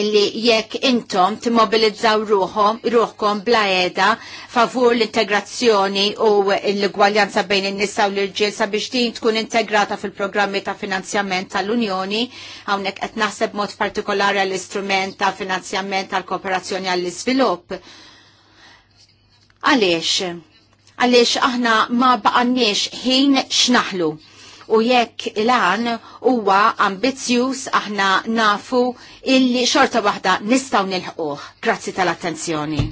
illi jekk intom timmobilizzaw ruħom, ruħkom bla edha favur l-integrazzjoni u l-gwaljanza bejn in-nisa u l-irġiel sabiex din tkun integrata fil-programmi ta' finanzjament tal-Unjoni, hawnhekk qed naħseb mod partikolari għall-istrument ta' finanzjament tal-kooperazzjoni għall-iżvilupp Għaliex? Għaliex aħna ma baqannix ħin xnaħlu u jekk il-għan huwa ambizjus aħna nafu illi xorta waħda nistaw nilħuħ. Grazzi tal-attenzjoni.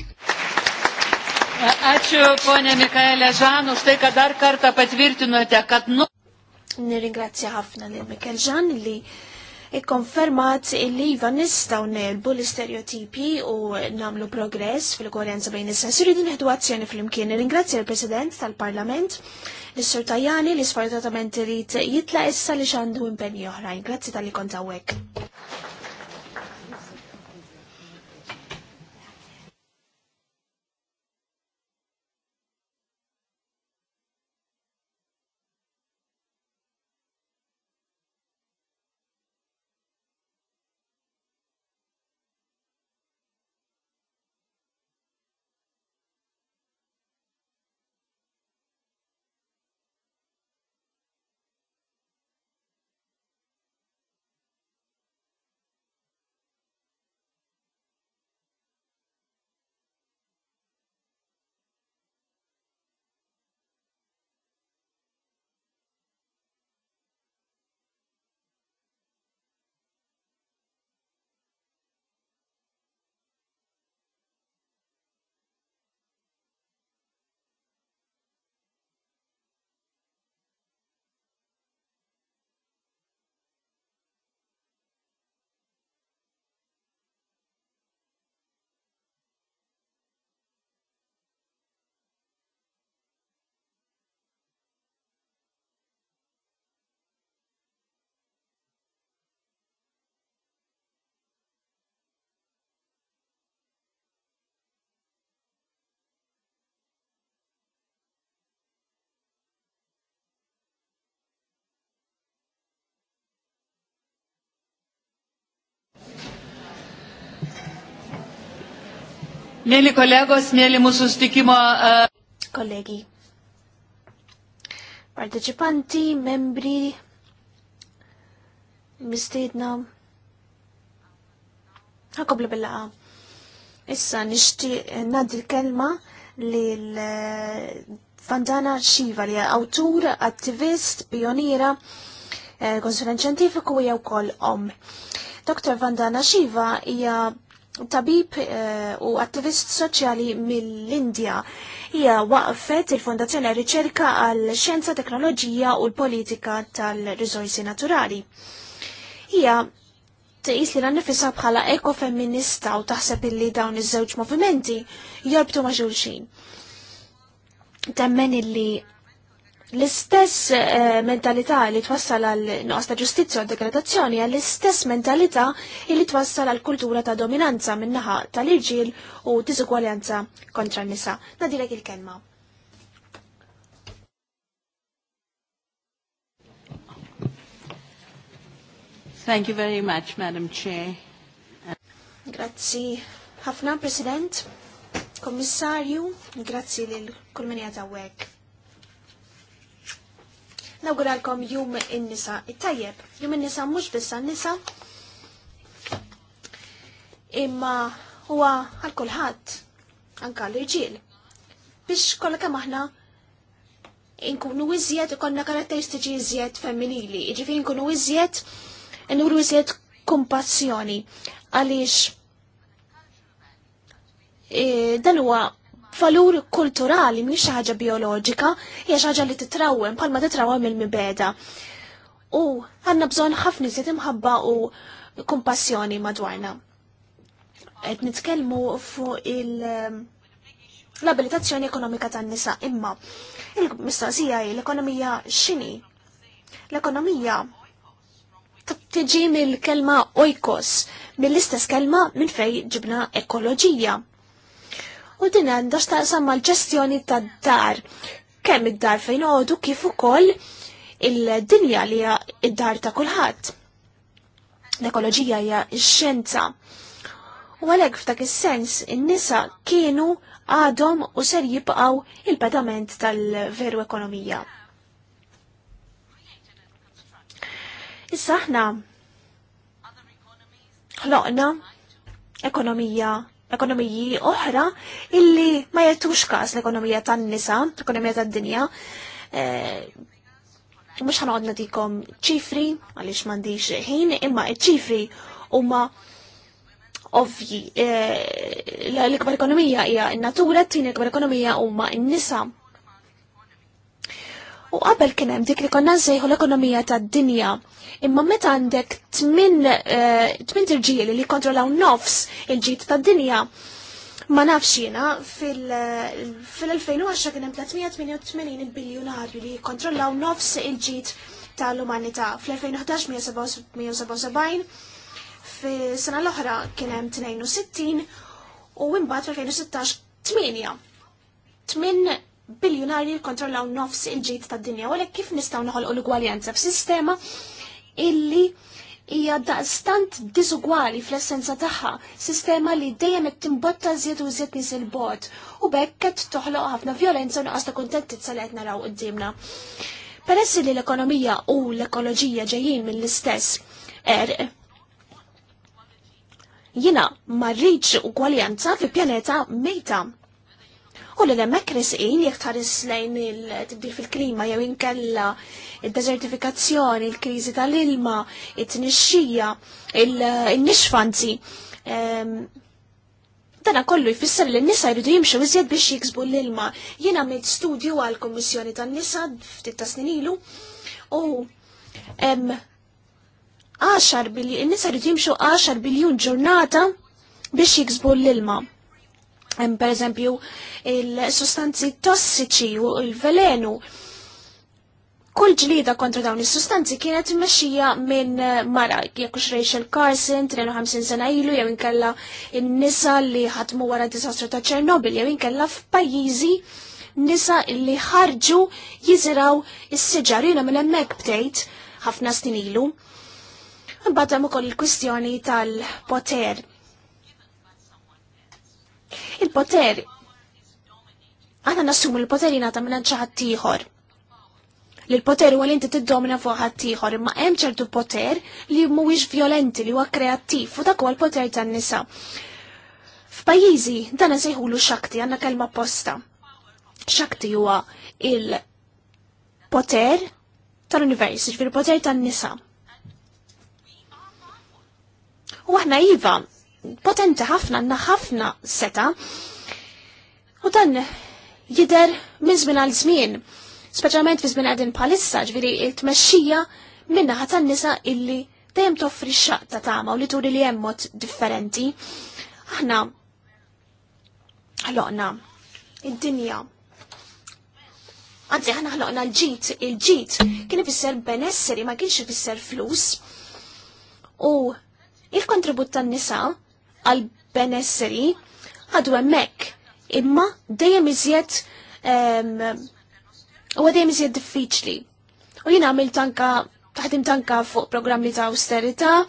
Ačiū, ponė Mikaela Ġan, u tai, kad dar kartą patvirtinote, kad nu... Nirigrazzja ħafna li Mikael Ġan li ikkonfermat li iva nistaw nelbu l-istereotipi u namlu progress fil kurjenza bejn is-sens. Iridu neħdu azzjoni fl-imkien. Ringrazzja l-President tal-Parlament, l-Sur Tajani li sfortunatament irid jitla issa li xandu impenji oħrajn. Grazzi tal-li kont Mėly kolegos, mėly mūsų sustikimo. Uh... E, Kolegi. Partecipanti, membri, mistidna. Għakobli bil Issa nishti e, nadi l-kelma lil fandana e, Xiva li awtur, attivist, pioniera, konsulent ċentifiku u jew kol om. Dr. Vandana Shiva hija tabib eh, u attivist soċjali mill-Indja. Hija waqfet il-Fondazzjoni Riċerka għal Xjenza Teknoloġija u l-Politika tal-Riżorsi Naturali. Hija tiqis li nifisa bħala ekofeminista u taħseb illi dawn iż-żewġ movimenti jorbtu ma' xulxin. Temmen illi L-istess eh, mentalità li twassal għal nuqqas ta' ġustizzja u degradazzjoni għal l-istess mentalità li twassal għal kultura ta' dominanza minnaħa tal-irġiel u diżugwaljanza kontra n-nisa. Nadilek il-kelma. Thank you very much, Madam Chair. Grazzi ħafna, President, Kommissarju, grazzi lil kulminija ta' Nawguralkom jum in-nisa il tajjeb Jum il nisa mux bissa nisa imma huwa għal kulħadd anka l-irġiel. Biex kollha kemm aħna inkunu iżjed ikonna karatteristiċi iżjed femminili, jiġifieri inkunu iżjed nuru iżjed kumpassjoni għaliex eh, dan huwa valur kulturali mhix xi ħaġa bioloġika, hija xi ħaġa li titrawwem bħalma titrawwem mill mibeda U għandna bżonn ħafna iżjed imħabba u kumpassjoni madwarna. Qed nitkellmu fuq il- ehm, l-abilitazzjoni ekonomika tan-nisa imma il-mistoqsija l-ekonomija x'inhi? L-ekonomija tiġi mill-kelma ojkos, mill-istess kelma minn fej ġibna ekoloġija u din għandha x'taqsam mal-ġestjoni tad-dar. Kemm id-dar fejn għodu kif ukoll il-dinja li hija id-dar ta' kulħadd. L-ekoloġija hija x-xjenza. U għalhekk f'dak is-sens in-nisa kienu għadhom u ser jibqgħu il-pedament tal-veru ekonomija. Issa aħna ħloqna ekonomija ekonomiji oħra illi ma jettux kas l-ekonomija tan-nisa, l-ekonomija tad-dinja. Eh, Mux ħanqod natikom ċifri, għalix mandiġ ħin, imma ċifri huma ovvi eh, l-ikbar ekonomija hija n-natura, t-tini l-ikbar ekonomija huma n-nisa. U qabel kien hemm dik li konna nsejħu l-ekonomija tad-dinja. Imma meta għandek tmin eh, tirġieli li kontrollaw nofs il-ġid tad-dinja, ma nafx jiena fil-2010 kien hemm 388 biljunarju li kontrollaw nofs il-ġid tal-umanità. Fl-2011 177 fis-sena l-oħra kien hemm 62 u mbagħad fl-2016 8. 8 biljonari jikontrollaw nofs il-ġid tad-dinja, u kif nistgħu noħolqu l-ugwaljanza f'sistema illi hija daqstant disugwali fl-essenza tagħha, sistema li dejjem qed timbotta żied u żied nies il-bot, u bekk qed toħloq ħafna violenza u naqas ta' kuntentizza li qed naraw qudiemna. Peress li l-ekonomija u l-ekoloġija ġejjin mill-istess er jina marriċ ugwaljanza fi pjaneta mejta kollu li l-emmek nisqin jek tħares lejn il-tibdil fil-klima jew inkella il-desertifikazzjoni, il-krizi tal-ilma, it-nixxija, il-nixfanzi. Ehm, dana kollu jfisser li n-nisa jridu jimxu iżjed biex jiksbu l-ilma. Jiena għamilt studju għal kommissjoni tan-nisa ftit ta' snin ilu u għaxar biljon, n-nisa jridu jimxu 10 biljun ġurnata biex jiksbu l-ilma per eżempju il-sostanzi tossiċi u il-velenu. Kull ġlida kontra dawn is-sustanzi kienet mexxija minn mara jekk Rachel Carson 53 sena ilu jew inkella n-nisa li ħatmu wara disastru ta' Ċernobil jew inkella f'pajjiżi nisa li ħarġu jiziraw is-siġar jiena minn hemmhekk btejt ħafna snin ilu. Mbata hemm ukoll il-kwistjoni tal-poter Il-poter, għana nassumu il-poter jinata minna ċaħat tiħor. L-poter huwa li inti tiddomina fuq ħadd ieħor, imma hemm ċertu poter li mhuwiex violenti li huwa kreattiv u dak huwa l-poter tan-nisa. F'pajjiżi dan nsejħulu xakti għandna kelma posta. Xakti huwa il-poter tal-univers, il jiġifieri poter tan-nisa. U aħna iva, potenti ħafna, għandna ħafna seta. U dan jider minn żmien għal żmien, speċjalment fi żmien għadin palissa, ġviri t tmexxija minna ħatan nisa illi dejjem toffri xaq ta' tama u li turi li hemm mod differenti. Aħna ħloqna id-dinja Għadzi ħana ħloqna l-ġit, il-ġit kien ifisser benesseri ma kienx ifisser flus. U il-kontribut tan-nisa għal-benesseri għadu emmek imma dejjem iżjed u għadjem iżjed diffiċli. U jina għamil tanka taħdim tanka fuq programmi ta' austerita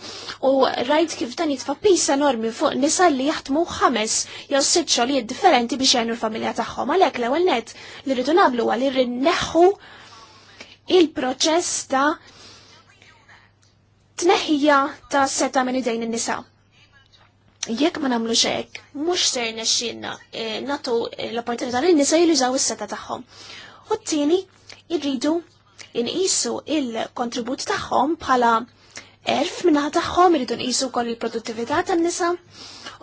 u rajt kif dan jitfa' pisa normi fuq nisa li jaħdmu ħames jew sitt xogħlijiet differenti biex jgħinu l-familja tagħhom. Għalhekk l-ewwel net li rridu nagħmlu għal irrinneħħu il-proċess ta' tneħħija ta' seta' minn idejn in-nisa jekk ma namlu xek, mux ser nexxinna eh, natu l-opportunità li nisa jiliżaw is-seta tagħhom. U t-tieni in-isu il-kontribut tagħhom bħala erf taħħom, tagħhom irridu nqisu wkoll il-produttività tan-nisa u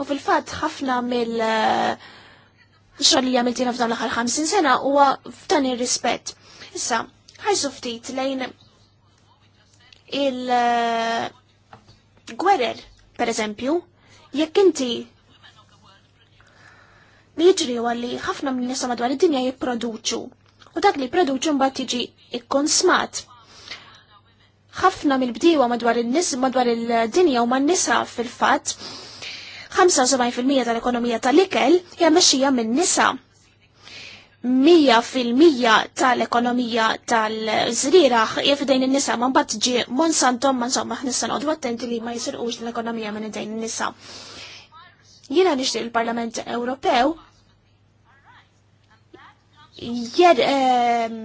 fil-fatt ħafna mill- eh, xogħol li għamiltina f'dawn l-aħħar 50 sena huwa f'dan ir-rispett. Issa, ħajsu ftit lejn il-gwerer, per eżempju, Jekk inti li jiġri għalli ħafna minn nisa madwar id-dinja jipproduċu u dak li jipproduċu mbagħad tiġi smat. Ħafna mill-bdiewa madwar in-nies madwar id dinja u man-nisa fil-fatt 75% tal-ekonomija tal-ikel hija mexxija minn nisa. Mija fil-mija tal-ekonomija tal zriraħ jifdejn in-nisa ma mbagħad ġi Monsanto ma insomma ħnissa noqgħdu attenti li ma jisirqux l-ekonomija minn idejn in-nisa. Jiena nixtieq il-Parlament Ewropew jed ehm,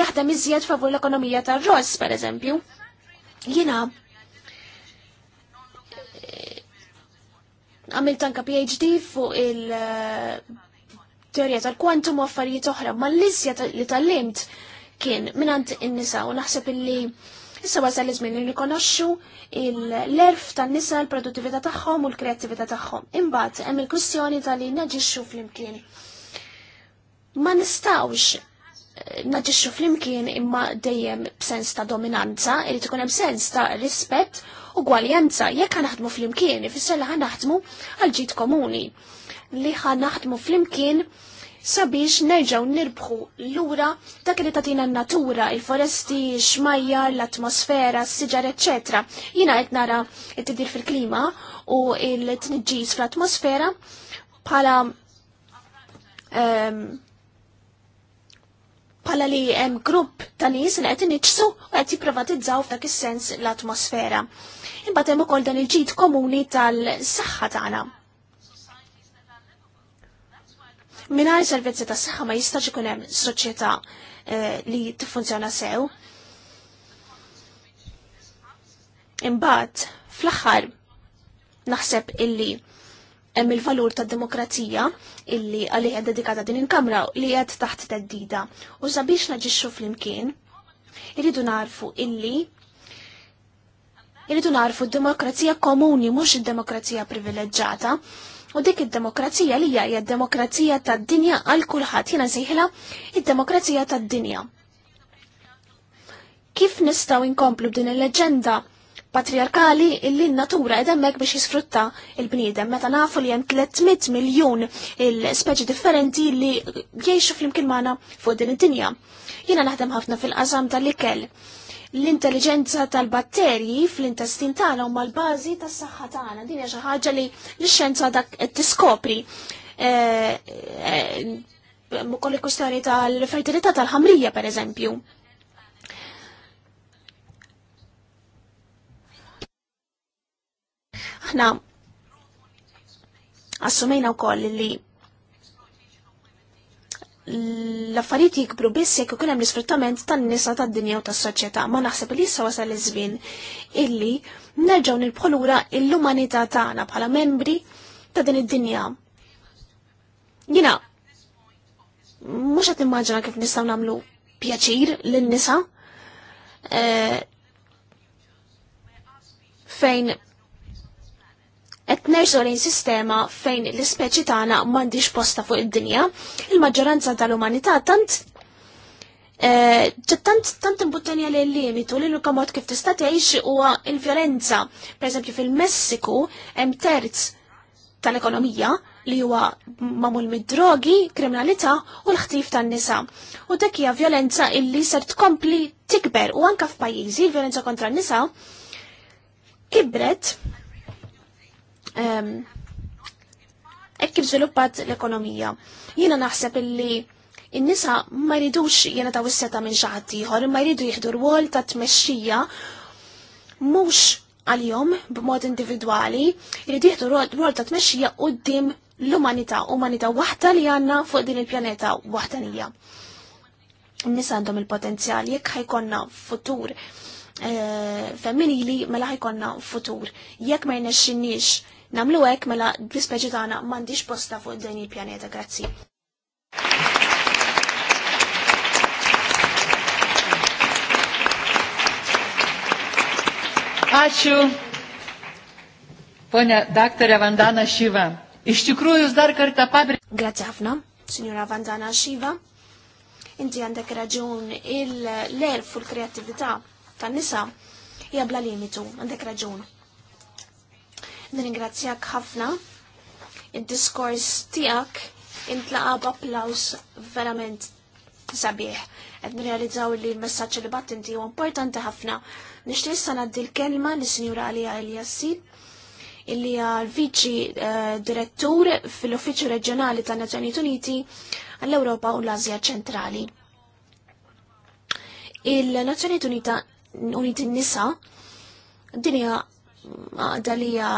jaħdem iżjed favur l-ekonomija tar-ross, per eżempju. Jiena għamilt anka PhD fuq il-teorija eh, tal-kwantum u affarijiet oħra, ma l-isja li tal-limt kien minnant in-nisa u naħseb illi issa wasal iż-żmien li nikonoxxu l lerf tan-nisa, l-produttività tagħhom u l-kreattività tagħhom. Imbagħad hemm il-kwistjoni tal-li naġixxu flimkien. Ma nistawx eh, naġixxu flimkien imma dejjem b'sens ta' dominanza, irid ikun hemm sens ta' rispett ugwaljanza jekk naħdmu fl-imkien, ifisser li naħdmu għal ġid komuni li naħdmu fl-imkien sabiex nerġaw nirbħu l-ura dak li tatina n-natura, il-foresti, xmajja, l-atmosfera, s-siġar, etc. Jina qed nara tidir fil-klima u il-tniġġis fl-atmosfera bħala um, ehm, pala li hemm grupp ta' nies li qed iniġsu u qed jipprivatizzaw f'dak is-sens l-atmosfera. Imbagħad hemm ukoll dan il-ġid komuni tal-saħħa tagħna. Mingħajr servizzi tas-saħħa ma jistax ikun hemm soċjetà eh, li tiffunzjona sew. Imbagħad fl-aħħar naħseb illi hemm il-valur tad-demokrazija illi għalli għed dedikata din il-kamra li għed taħt teddida. U sabiex naġixxu flimkien, irridu narfu illi irridu narfu d-demokrazija komuni mhux id-demokrazija privileġġata. U dik id-demokrazija li hija d-demokrazija tad-dinja għal kulħadd jiena sejħla id-demokrazija tad-dinja. Kif nistgħu inkomplu b'din il-leġenda? il leġenda patriarkali illi n-natura edemmek biex jisfrutta il-bniedem. Meta nafu li hemm 300 miljun il-speċi differenti li jgħixu fl-imkien magħna fuq din id-dinja. Jiena naħdem ħafna fil-qasam tal-ikel. L-intelligenza tal-batterji fl-intestin tagħna huma l-bażi tas-saħħa tagħna. Din hija xi ħaġa li l-xjenza dak tiskopri eh, eh, ukoll il tal-fertilità tal-ħamrija per eżempju. Aħna assumejna wkoll li l-affarijiet jikbru biss jekk ikun hemm l-isfruttament tan-nisa tad-dinja u tas-soċjetà, ma naħseb li issa wasal iż-żmien illi nerġgħu nirbħu lura l-umanità tagħna bħala membri ta' din id-dinja. Jiena mhux qed immaġina kif nistgħu nagħmlu pjaċir lin-nisa eh, fejn qed nersu lejn sistema fejn l-ispeċi tagħna m'għandix posta fuq id-dinja. Il-maġġoranza tal-umanità tant eh, tant tant imbuttenja lejn limitu li l-unika mod kif tista' tgħix huwa l-vjolenza. Pereżempju fil-Messiku hemm terz tal-ekonomija li huwa mamul mid-drogi, kriminalità u l-ħtif tan-nisa. U dak hija vjolenza illi ser tkompli tikber u anka f'pajjiżi l-vjolenza kontra n-nisa kibret kif żviluppat l-ekonomija. Jiena naħseb illi in-nisa ma jridux jiena ta' wisseta' minn xi ħadd ieħor, imma jridu jieħdu rwol ta' tmexxija mhux għal-jom b'mod individwali, jridu jieħdu rwol ta' tmexxija qudiem l-umanità, umanità waħda li għandna fuq din il-pjaneta waħdanija. Nisa għandhom il-potenzjal jekk ħajkonna futur Eh, femminili mela ħajkonna futur. Jekk ma jnexxinniex namlu hekk mela l-ispeċi tagħna m'għandix posta fuq din il-pjaneta. Grazzi. Ačiū. Pone daktarė Vandana Šyva, iš tikrųjų jūs dar kartą pabrėžėte. Grazie ħafna, signora Vandana Šyva. Inti għandek raġun il-lerf u l tan-nisa jabla bla limitu, għandek raġun. Nirringrazzjak ħafna id-diskors tiegħek intlaqa b'applaus verament sabiħ. Qed nirrealizzaw li l-messaġġ li batt inti importanti ħafna. Nixtieq issa ngħaddi l-kelma lis-Sinjura Alija Eliassi illi hija l-Viċi eh, Direttur fil-Uffiċċju Reġjonali tan-Nazzjonijiet Uniti għall-Ewropa u l azja Ċentrali. Il-Nazzjonijiet Unita unit n-nisa, dinja dalija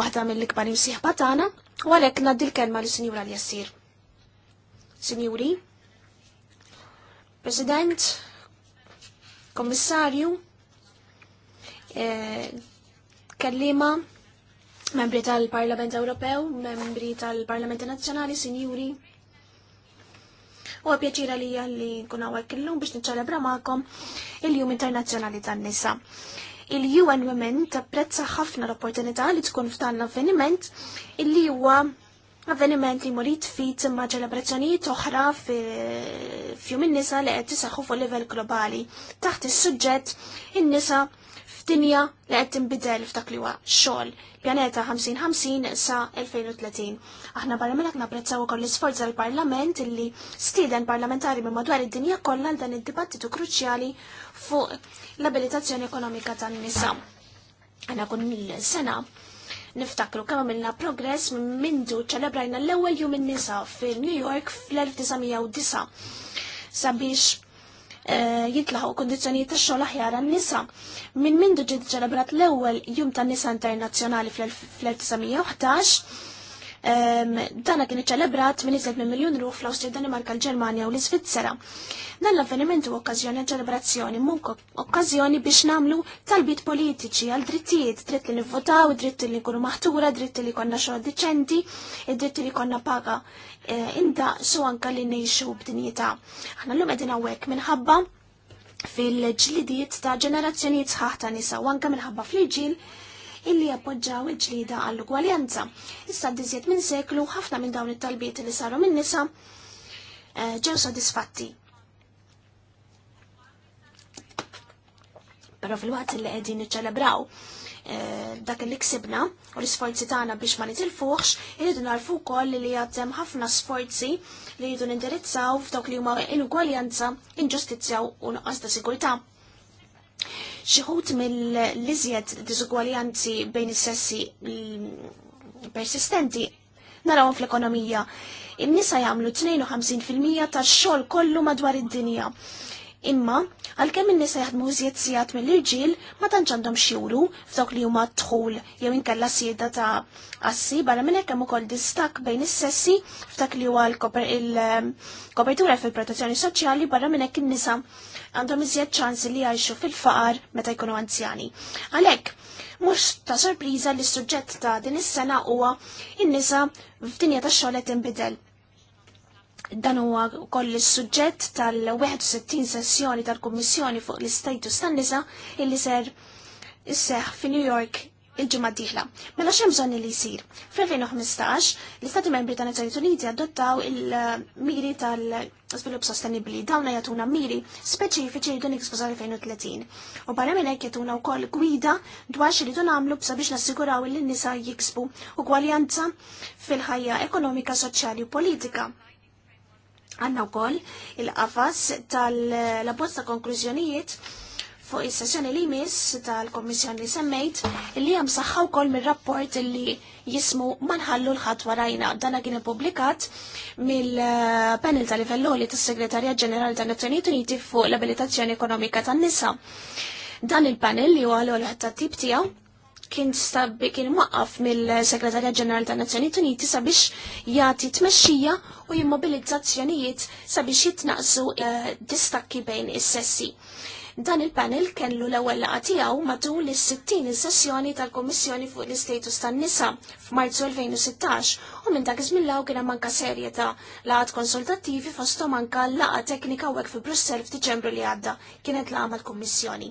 waħda mill-ikbar imsiħba tagħna, u għalhekk ngħaddi l-kelma li sinjura li jassir. Sinjuri, President, Kommissarju, eh, kellima, membri tal-Parlament Ewropew, membri tal-Parlament Nazzjonali, sinjuri, u pjaċira li li nkun hawnhekk illum biex niċċelebra magħkom il-Jum Internazzjonali tan-nisa. Il-UN Women tapprezza ħafna l-opportunità li tkun f'dan l-avveniment illi huwa avveniment li morit fit imma ċelebrazzjonijiet oħra f'jum in-nisa li qed tisaħħu fuq livell globali taħt is-suġġett in-nisa f'dinja li qed tinbidel f'dak li huwa xogħol pjaneta 50-50 sa 2030. Aħna barra minnak napprezzaw ukoll l-isforz għall parlament illi stiden parlamentari minn madwar id-dinja kollha dan id-dibattitu kruċjali fuq l-abilitazzjoni ekonomika tan-nisa. Aħna kun mill-sena niftakru kemm għamilna progress mindu ċelebrajna l-ewwel jum in-nisa fil-New York fl-1909 sabiex Eh, jitlaħu kondizjonijiet ta' xogħol aħjar għan-nisa. Minn mindu ġiet ġelebrat l-ewwel Jum tan-Nisa Internazzjonali fl-1911 Dana kien iċċelebrat minn iżed minn miljun ruf l awstrija Danimarka, l-Ġermanja u l-Iżvizzera. Dan l avvenimentu u okkażjoni ċelebrazzjoni m'unk okkażjoni biex namlu talbit politiċi għal drittijiet, dritt li nivvotaw, dritt li nkunu maħtura, dritt li konna xogħol diċenti, dritt li konna paga e, inda su anka li nejxu b'dinjità. Aħna l-lum qegħdin hawnhekk minħabba fil-ġlidiet ta' ġenerazzjonijiet sħaħ ta' nisa u anka minħabba fl-ġil illi jappoġġaw il-ġlida għall-ugwaljanza. Issa d dizjet minn seklu ħafna minn dawn it-talbiet li saru minn nisa eh, ġew sodisfatti. Pero fil-waqt li qegħdin iċċelebraw eh, dak li ksibna u l-sforzi tagħna biex ma nitilfuħx, irridu narfu wkoll li għadhem ħafna sforzi li jridu nindirizzaw f'dawk li huma l-ugwaljanza, inġustizzja u nuqqas ta' sigurtà. Xieħut mill-liżjed diżugwaljanzi bejn is-sessi mm, persistenti narawhom fl-ekonomija. In-nisa jagħmlu 52% tax-xogħol kollu madwar id-dinja. Imma, għalkemm in-nisa jaħdmu iżjed sigħat mill-irġiel ma tantx għandhom xiuru f'dawk li huma dħul jew inkella sieda ta' assi barra minn hekk hemm ukoll distak bejn is-sessi f'dak li huwa l-kopertura fil-protezzjoni soċjali barra minn hekk in-nisa għandhom iżjed ċans li jgħixu fil-faqar meta jkunu anzjani. Għalhekk, mhux ta' sorpriża li s-suġġett ta' din is-sena huwa in-nisa f'dinja tax-xogħol qed inbidel dan huwa koll is-suġġett tal-61 sessjoni tal-Kummissjoni fuq l-istatus tan-nisa illi ser isseħ fi New York il-ġimgħa d Mela xem bżonn li jsir? Fl-2015 l-Istati Membri ta' Nazzjonijiet Uniti adottaw il-miri tal svilup sostenibbli dawn jatuna miri speċifiċi li nikbu sal-2030. U barra minn hekk jagħtuna wkoll gwida dwar xi jridu nagħmlu sabiex nassiguraw il nisa jiksbu u gwaljanza fil-ħajja ekonomika, soċjali u politika. Għanna wkoll il-qafas tal labosta konklużjonijiet fuq is-sessjoni li jmiss tal-Kommissjoni li semmejt li jam saħħaw wkoll mir-rapport li jismu manħallu l ħat warajna. Dana kien ippubblikat mill-panel tal li tas-Segretarja Ġenerali tan-Nazzjonijiet Uniti fuq l-abilitazzjoni ekonomika tan-nisa. Dan il-panel li huwa l-għol tat-tip tiegħu kien stabbi kien waqqaf mill-Segretarja Ġenerali tan Nazzjonijiet Uniti sabiex jagħti tmexxija u jimmobilizzazzjonijiet sabiex jitnaqsu eh, distakki bejn is-sessi. Dan il-panel kellu l-ewwel laqgħa tiegħu matul is-60 sessjoni tal-Kummissjoni fuq l-istatus tan-nisa f'Marzu 2016 u minn dak iż-żmien law kien hemm anke serje ta' laqgħat konsultattivi fosthom l laqgħa teknika hekk fi Brussell f'Diċembru li għadda kienet laqgħa mal-Kummissjoni.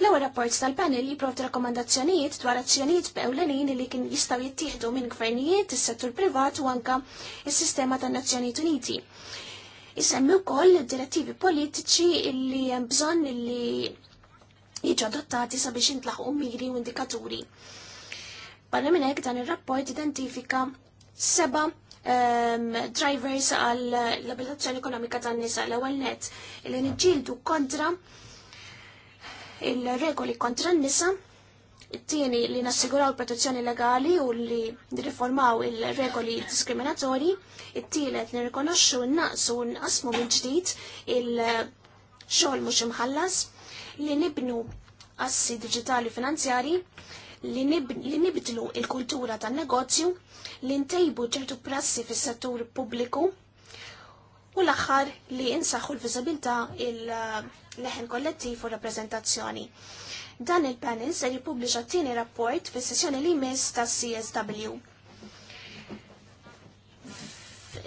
L-ewwel rapport tal-panel jipprovdi rakkomandazzjonijiet dwar azzjonijiet b'ewlenin li kien jistgħu jittieħdu minn gvernijiet, is-settur privat u anke s-sistema tan-Nazzjonijiet Uniti. Isemmi wkoll direttivi politiċi illi hemm bżonn illi jiġu adottati sabiex intlaħqu miri u indikaturi. Barra minn hekk dan ir-rapport identifika seba' um, drivers għal l-abilitazzjoni ekonomika tan-nisa l-ewwel net illi nġildu kontra il-regoli kontra n-nisa it-tieni li nassiguraw protezzjoni legali u li nirriformaw il-regoli diskriminatori, it-tielet nirrikonoxxu naqsu nqasmu minn ġdid il-xogħol mhux imħallas li nibnu assi diġitali finanzjari li, nibdlu il-kultura tan negozju li ntejbu ċertu prassi fis settur pubbliku u l aħħar li insaħħu l-viżabilità il-leħen kollettiv u rappresentazzjoni. Dan il-panel se jipubbliġa t-tieni rapport fis sessjoni li jmiss ta' CSW.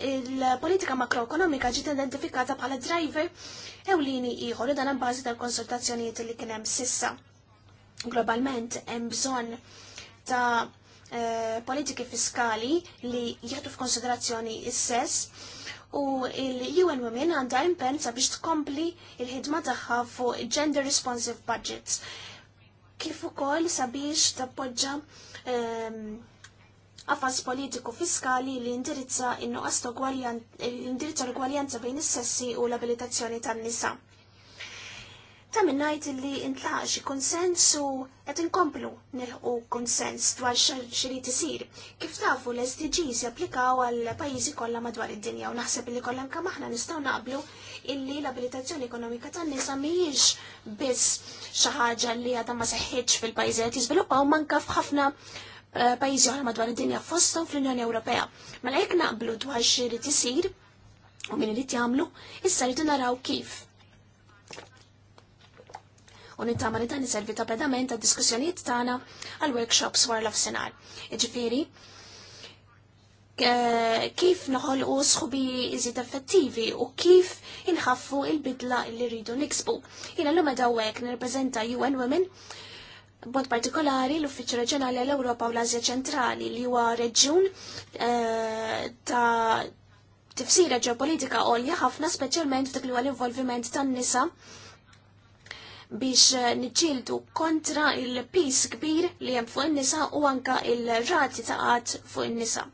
Il-politika makroekonomika ġiet identifikata bħala driver ewlieni ieħor u dan bażi tal-konsultazzjonijiet li kien hemm sissa. Globalment hemm bżonn ta' eh, politiki fiskali li jieħdu f'konsiderazzjoni s sess u il-UN Women għandha impenza sabiex tkompli il-ħidma tagħha fuq gender responsive budgets kif ukoll sabiex tappoġġa għafas ehm, politiku fiskali li indirizza innuqas indirizza l-gwaljanza bejn is-sessi u l-abilitazzjoni tan-nisa. Ta' minnajt li intlaħx konsens u qed inkomplu nilħu konsens dwar xiri tisir. Kif tafu l-SDGs japplikaw għal pajjiżi kollha madwar id-dinja u naħseb li kollha anke aħna nistgħu naqblu illi l-abilitazzjoni ekonomika tan-nisa mhijiex biss xi ħaġa li għadha ma seħħitx fil-pajjiżi qed jiżviluppaw manka f'ħafna eh, pajjiżi oħra madwar id-dinja fosthom fl-Unjoni Ewropea. Mela jekk naqblu dwar xi li tisir u min irid jagħmlu, issa rridu naraw kif u nittama li dan iservi ta' pedament ta' diskussjonijiet tagħna għal workshops war l-offsenar. Iġifieri, Eh, kif noħolqu sħubi iżid effettivi u kif inħaffu il-bidla li rridu niksbu. Jina l-lumma dawek nirrepreżenta UN Women B'mod partikolari l-Uffiċċju Reġjonali għall Ewropa u l-Asja Ċentrali li huwa reġjun eh, ta' tifsira ġeopolitika għolja ħafna speċjalment f'dak li huwa l-involviment tan-nisa biex eh, niġġieldu kontra il-pis kbir li hemm fuq in-nisa u anka il-rati ta' qatt fuq in-nisa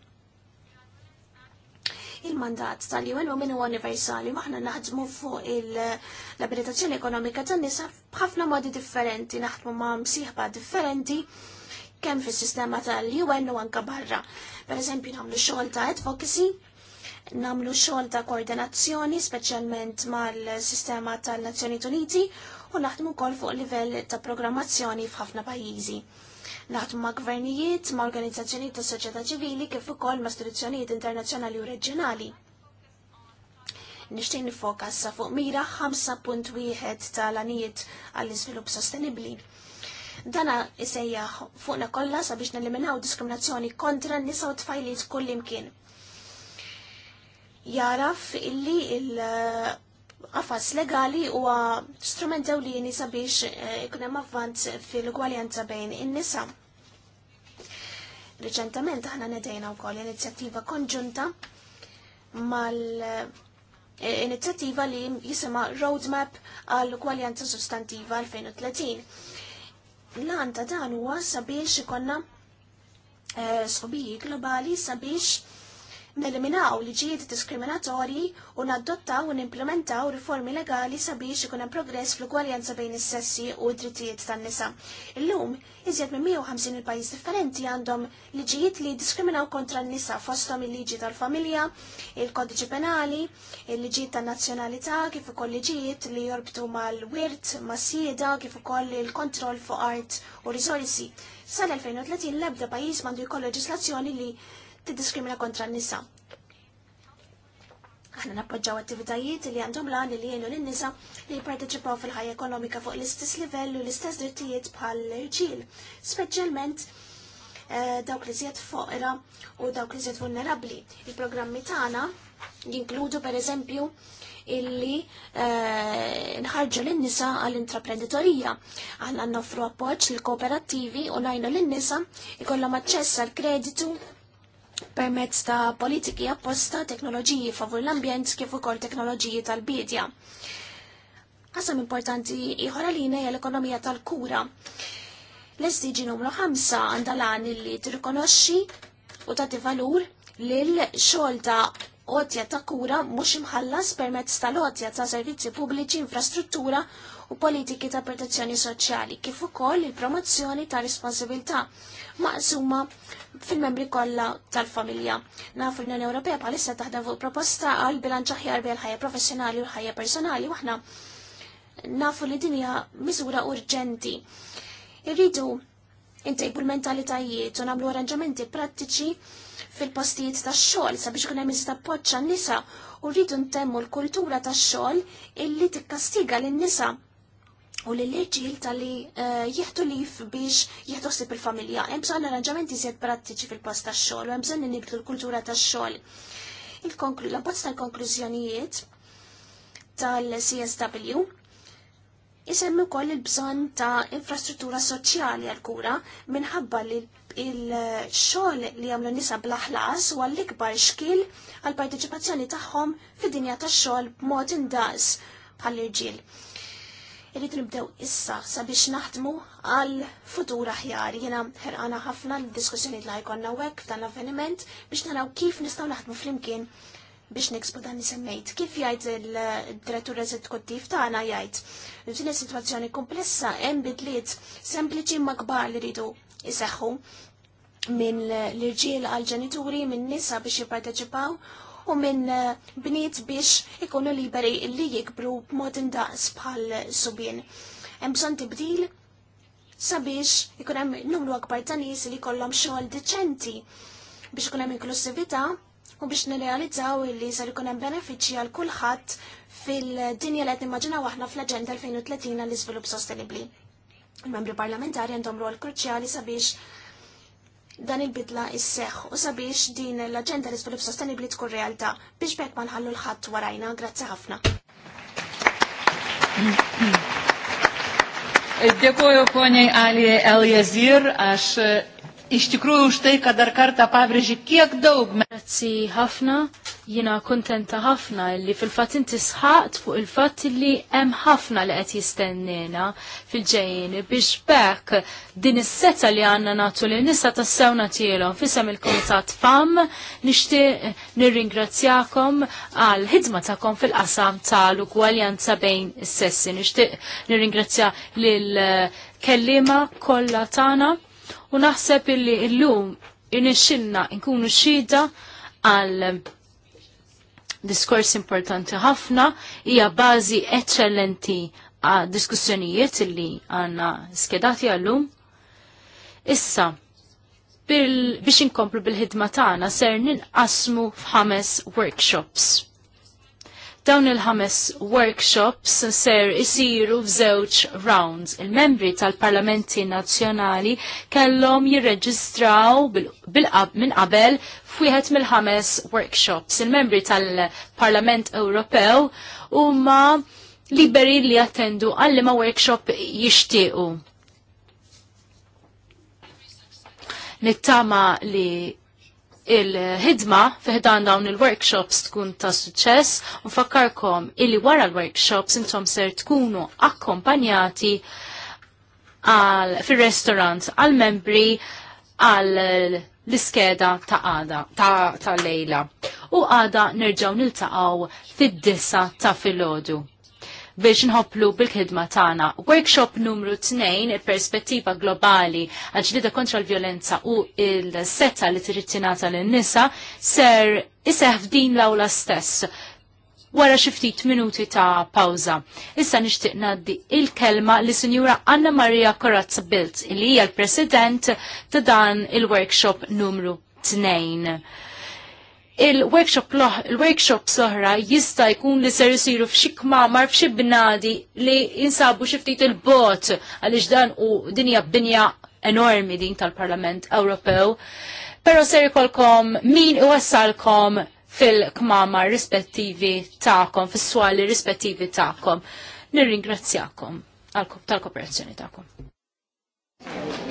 il-mandat tal-UN u minn universali maħna naħdmu fuq l-abilitazzjoni ekonomika tan-nisa b'ħafna modi differenti, naħdmu ma' msieħba differenti kemm fis-sistema tal-UN u anka barra. Per eżempju nagħmlu xogħol ta' advocacy, nagħmlu xogħol ta' koordinazzjoni speċjalment mal-sistema tal-Nazzjoni Uniti u naħdmu wkoll fuq livell ta' programmazzjoni f'ħafna pajjiżi naħdmu ma' gvernijiet, ma' organizzazzjoniet tas soċjetà ċivili kif ukoll ma' istituzzjonijiet internazzjonali u reġjonali. Nixtieq nifokas sa fuq mira 5.1 tal-anijiet għall-iżvilupp sostenibbli. Dana isejja fuqna kollha sabiex neliminaw diskriminazzjoni kontra n-nisa u tfajliet kullimkien. Jaraf illi il- għafas legali huwa strument ewlieni sabiex eh, ikun hemm avvant fil-gwaljanza bejn in-nisa. Riċentament aħna nedejna wkoll inizjattiva konġunta mal eh, inizjattiva li jisima Roadmap għal kwaljanza sostantiva 2030. l għanta dan huwa sabiex ikonna eh, globali sabiex neliminaw liġijiet diskriminatorji u naddottaw u nimplementaw riformi legali sabiex ikun hemm progress fl-ugwaljanza bejn is-sessi u d-drittijiet tan-nisa. Illum, iżjed minn 150 il-pajjiż differenti għandhom liġijiet li diskriminaw kontra n-nisa fosthom il-liġi tal-familja, il-kodiċi penali, il-liġijiet tan-nazzjonalità, kif ukoll liġijiet li jorbtu mal-wirt, mas-sieda, kif ukoll il-kontroll fuq art u risorsi. Sal-2030 l-ebda pajjiż mandu jkollu leġislazzjoni li tiddiskrimina kontra n-nisa. Aħna nappoġġaw attivitajiet li għandhom lan li jgħinu lin-nisa li jparteċipaw fil-ħajja ekonomika fuq l-istess livell u l-istess drittijiet bħal-ġil, speċjalment eh, dawk li zjed foqra u dawk li zjed vulnerabli. Il-programmi tagħna jinkludu per eżempju illi eh, nħarġu l-nisa għall-intraprenditorija. Aħna nofru appoġġ l kooperattivi u najnu l-nisa ikollhom aċċess għal kreditu permezz ta' politiki apposta teknoloġiji favur l-ambjent kif ukoll teknoloġiji tal-bidja. Qasam importanti ieħor li hija l-ekonomija tal-kura. L-SDG numru 5 għandha lan li tirrikonoxxi u tagħti valur lil xogħol ta' otja ta' kura mhux imħallas permezz tal otja ta' servizzi pubbliċi, infrastruttura u politiki ta' protezzjoni soċjali, kif ukoll il-promozzjoni ta' responsabilità maqsuma fil-membri kollha tal-familja. Nafu l-Unjoni Ewropea bħalissa taħdem fuq proposta għal bilanċ aħjar bejn ħajja professjonali u ħajja personali waħna nafu li din hija miżura urġenti. Irridu intejbu l-mentalitajiet u nagħmlu arranġamenti prattiċi fil-postijiet tax xogħol sabiex kun hemm appoġġ poċċa nisa u rridu ntemmu l-kultura tax xogħol illi tikkastiga lin-nisa u li l-irġil tal-li eh, jieħdu lif biex jieħdu sib il-familja. Hemm bżonn arranġamenti żjed prattiċi fil-post tax-xogħol u hemm bżonn nibdu l-kultura tax-xogħol. L-post tal-konklużjonijiet tal-CSW jisemmu wkoll il-bżonn ta' infrastruttura soċjali għal-kura minħabba li il-xogħol li jamlu nisa bl ħlas huwa l-ikbar xkil għal-parteċipazzjoni tagħhom fid-dinja tax-xogħol b'mod indaqs bħall-irġiel irridu nibdew issa sabiex naħdmu għal futura ħjar. Jena ħerqana ħafna l-diskussjoni li jkonna wek f'dan l-avveniment biex naraw kif nistgħu naħdmu flimkien biex niksbu dan nisemmejt. Kif jgħid il-direttur eżekuttiv tagħna jgħid. F'din is-sitwazzjoni komplessa hemm bidliet sempliċi ma kbar li rridu jiseħħu minn l-irġiel għal ġenituri, minn nisa biex jipparteċipaw u minn bniet biex ikunu liberi li jikbru b'mod indaqs bħal subien. Hemm bżonn tibdil sabiex ikun hemm numru akbar ta' nies li jkollhom xogħol diċenti biex ikun hemm inklusività u biex nirrealizzaw li ser ikun hemm benefiċċji għal kulħadd fil-dinja li qed nimmaġinaw aħna fl-Aġenda 2030 għall-iżvilupp sostenibbli. Il-membri parlamentari għandhom rol kruċjali sabiex dan il-bidla is isseħ u sabiex din l aġenda l-izvilup sostenibli tkun realtà biex bekk ma nħallu l-ħadd warajna. Grazzi ħafna. Dėkuoju poniai Ali Eliazir, aš Iš tikrųjų už tai, kad dar kartą pavri kiek daug. Grazzi ħafna, jina kontenta ħafna li fil-fat inti sħaqt fuq il-fat li hemm ħafna li qed jistennina fil-ġejjin biex bekk din is-seta li għandna nagħtu li nisa tassewna tielhom fisem il-Kumitat Fam nixtieq nirringrazzjakom għal ħidma tagħkom fil-qasam tal-ugwaljanza bejn is-sessi. Nixtieq nirringrazzja lil eh, kellima kollha tagħna u naħseb illi illum inixxilna nkunu xhieda għal diskors importanti ħafna hija bażi eċċellenti għal diskussjonijiet illi għandna skedati għallum. Issa, biex inkomplu bil-ħidma tagħna ser ninqasmu f'ħames workshops. Dawn il-ħames workshops ser isiru f'żewġ rounds. Il-membri tal-parlamenti nazzjonali kellhom jirreġistraw minn qabel f'wieħed mill-ħames workshops. Il-membri tal-Parlament Ewropew huma liberi li jattendu għalli ma workshop jixtiequ nittama li il-ħidma fiħdan dawn il-workshops tkun ta' suċċess u fakkarkom illi wara l-workshops intom ser tkunu akkompanjati fil għal-membri għal membri għal l-iskeda ta' għada ta', ta lejla u għada nerġaw nil-taqaw fid-dissa ta' filgħodu biex nħoplu bil-ħidma tagħna. Workshop numru 2 perspettiva globali għal kontra l-vjolenza u il-setta li trid tingħata lin-nisa ser iseħ din l-awla stess wara xi ftit minuti ta' pawża, Issa nixtieq ngħaddi il-kelma li Sinjura Anna Maria Corazza Bilt li hija l-President ta' dan il-workshop numru 2 il-workshop il-workshop soħra jista jkun li ser jisiru f'xi kmamar f'xi bnadi li jinsabu xi ftit il-bot għaliex dan u dinja binja enormi din tal-Parlament Ewropew. Però ser jkolkom min iwassalkom fil-kmamar rispettivi tagħkom, fis-swali rispettivi tagħkom. Nirringrazzjakom tal-kooperazzjoni tagħkom.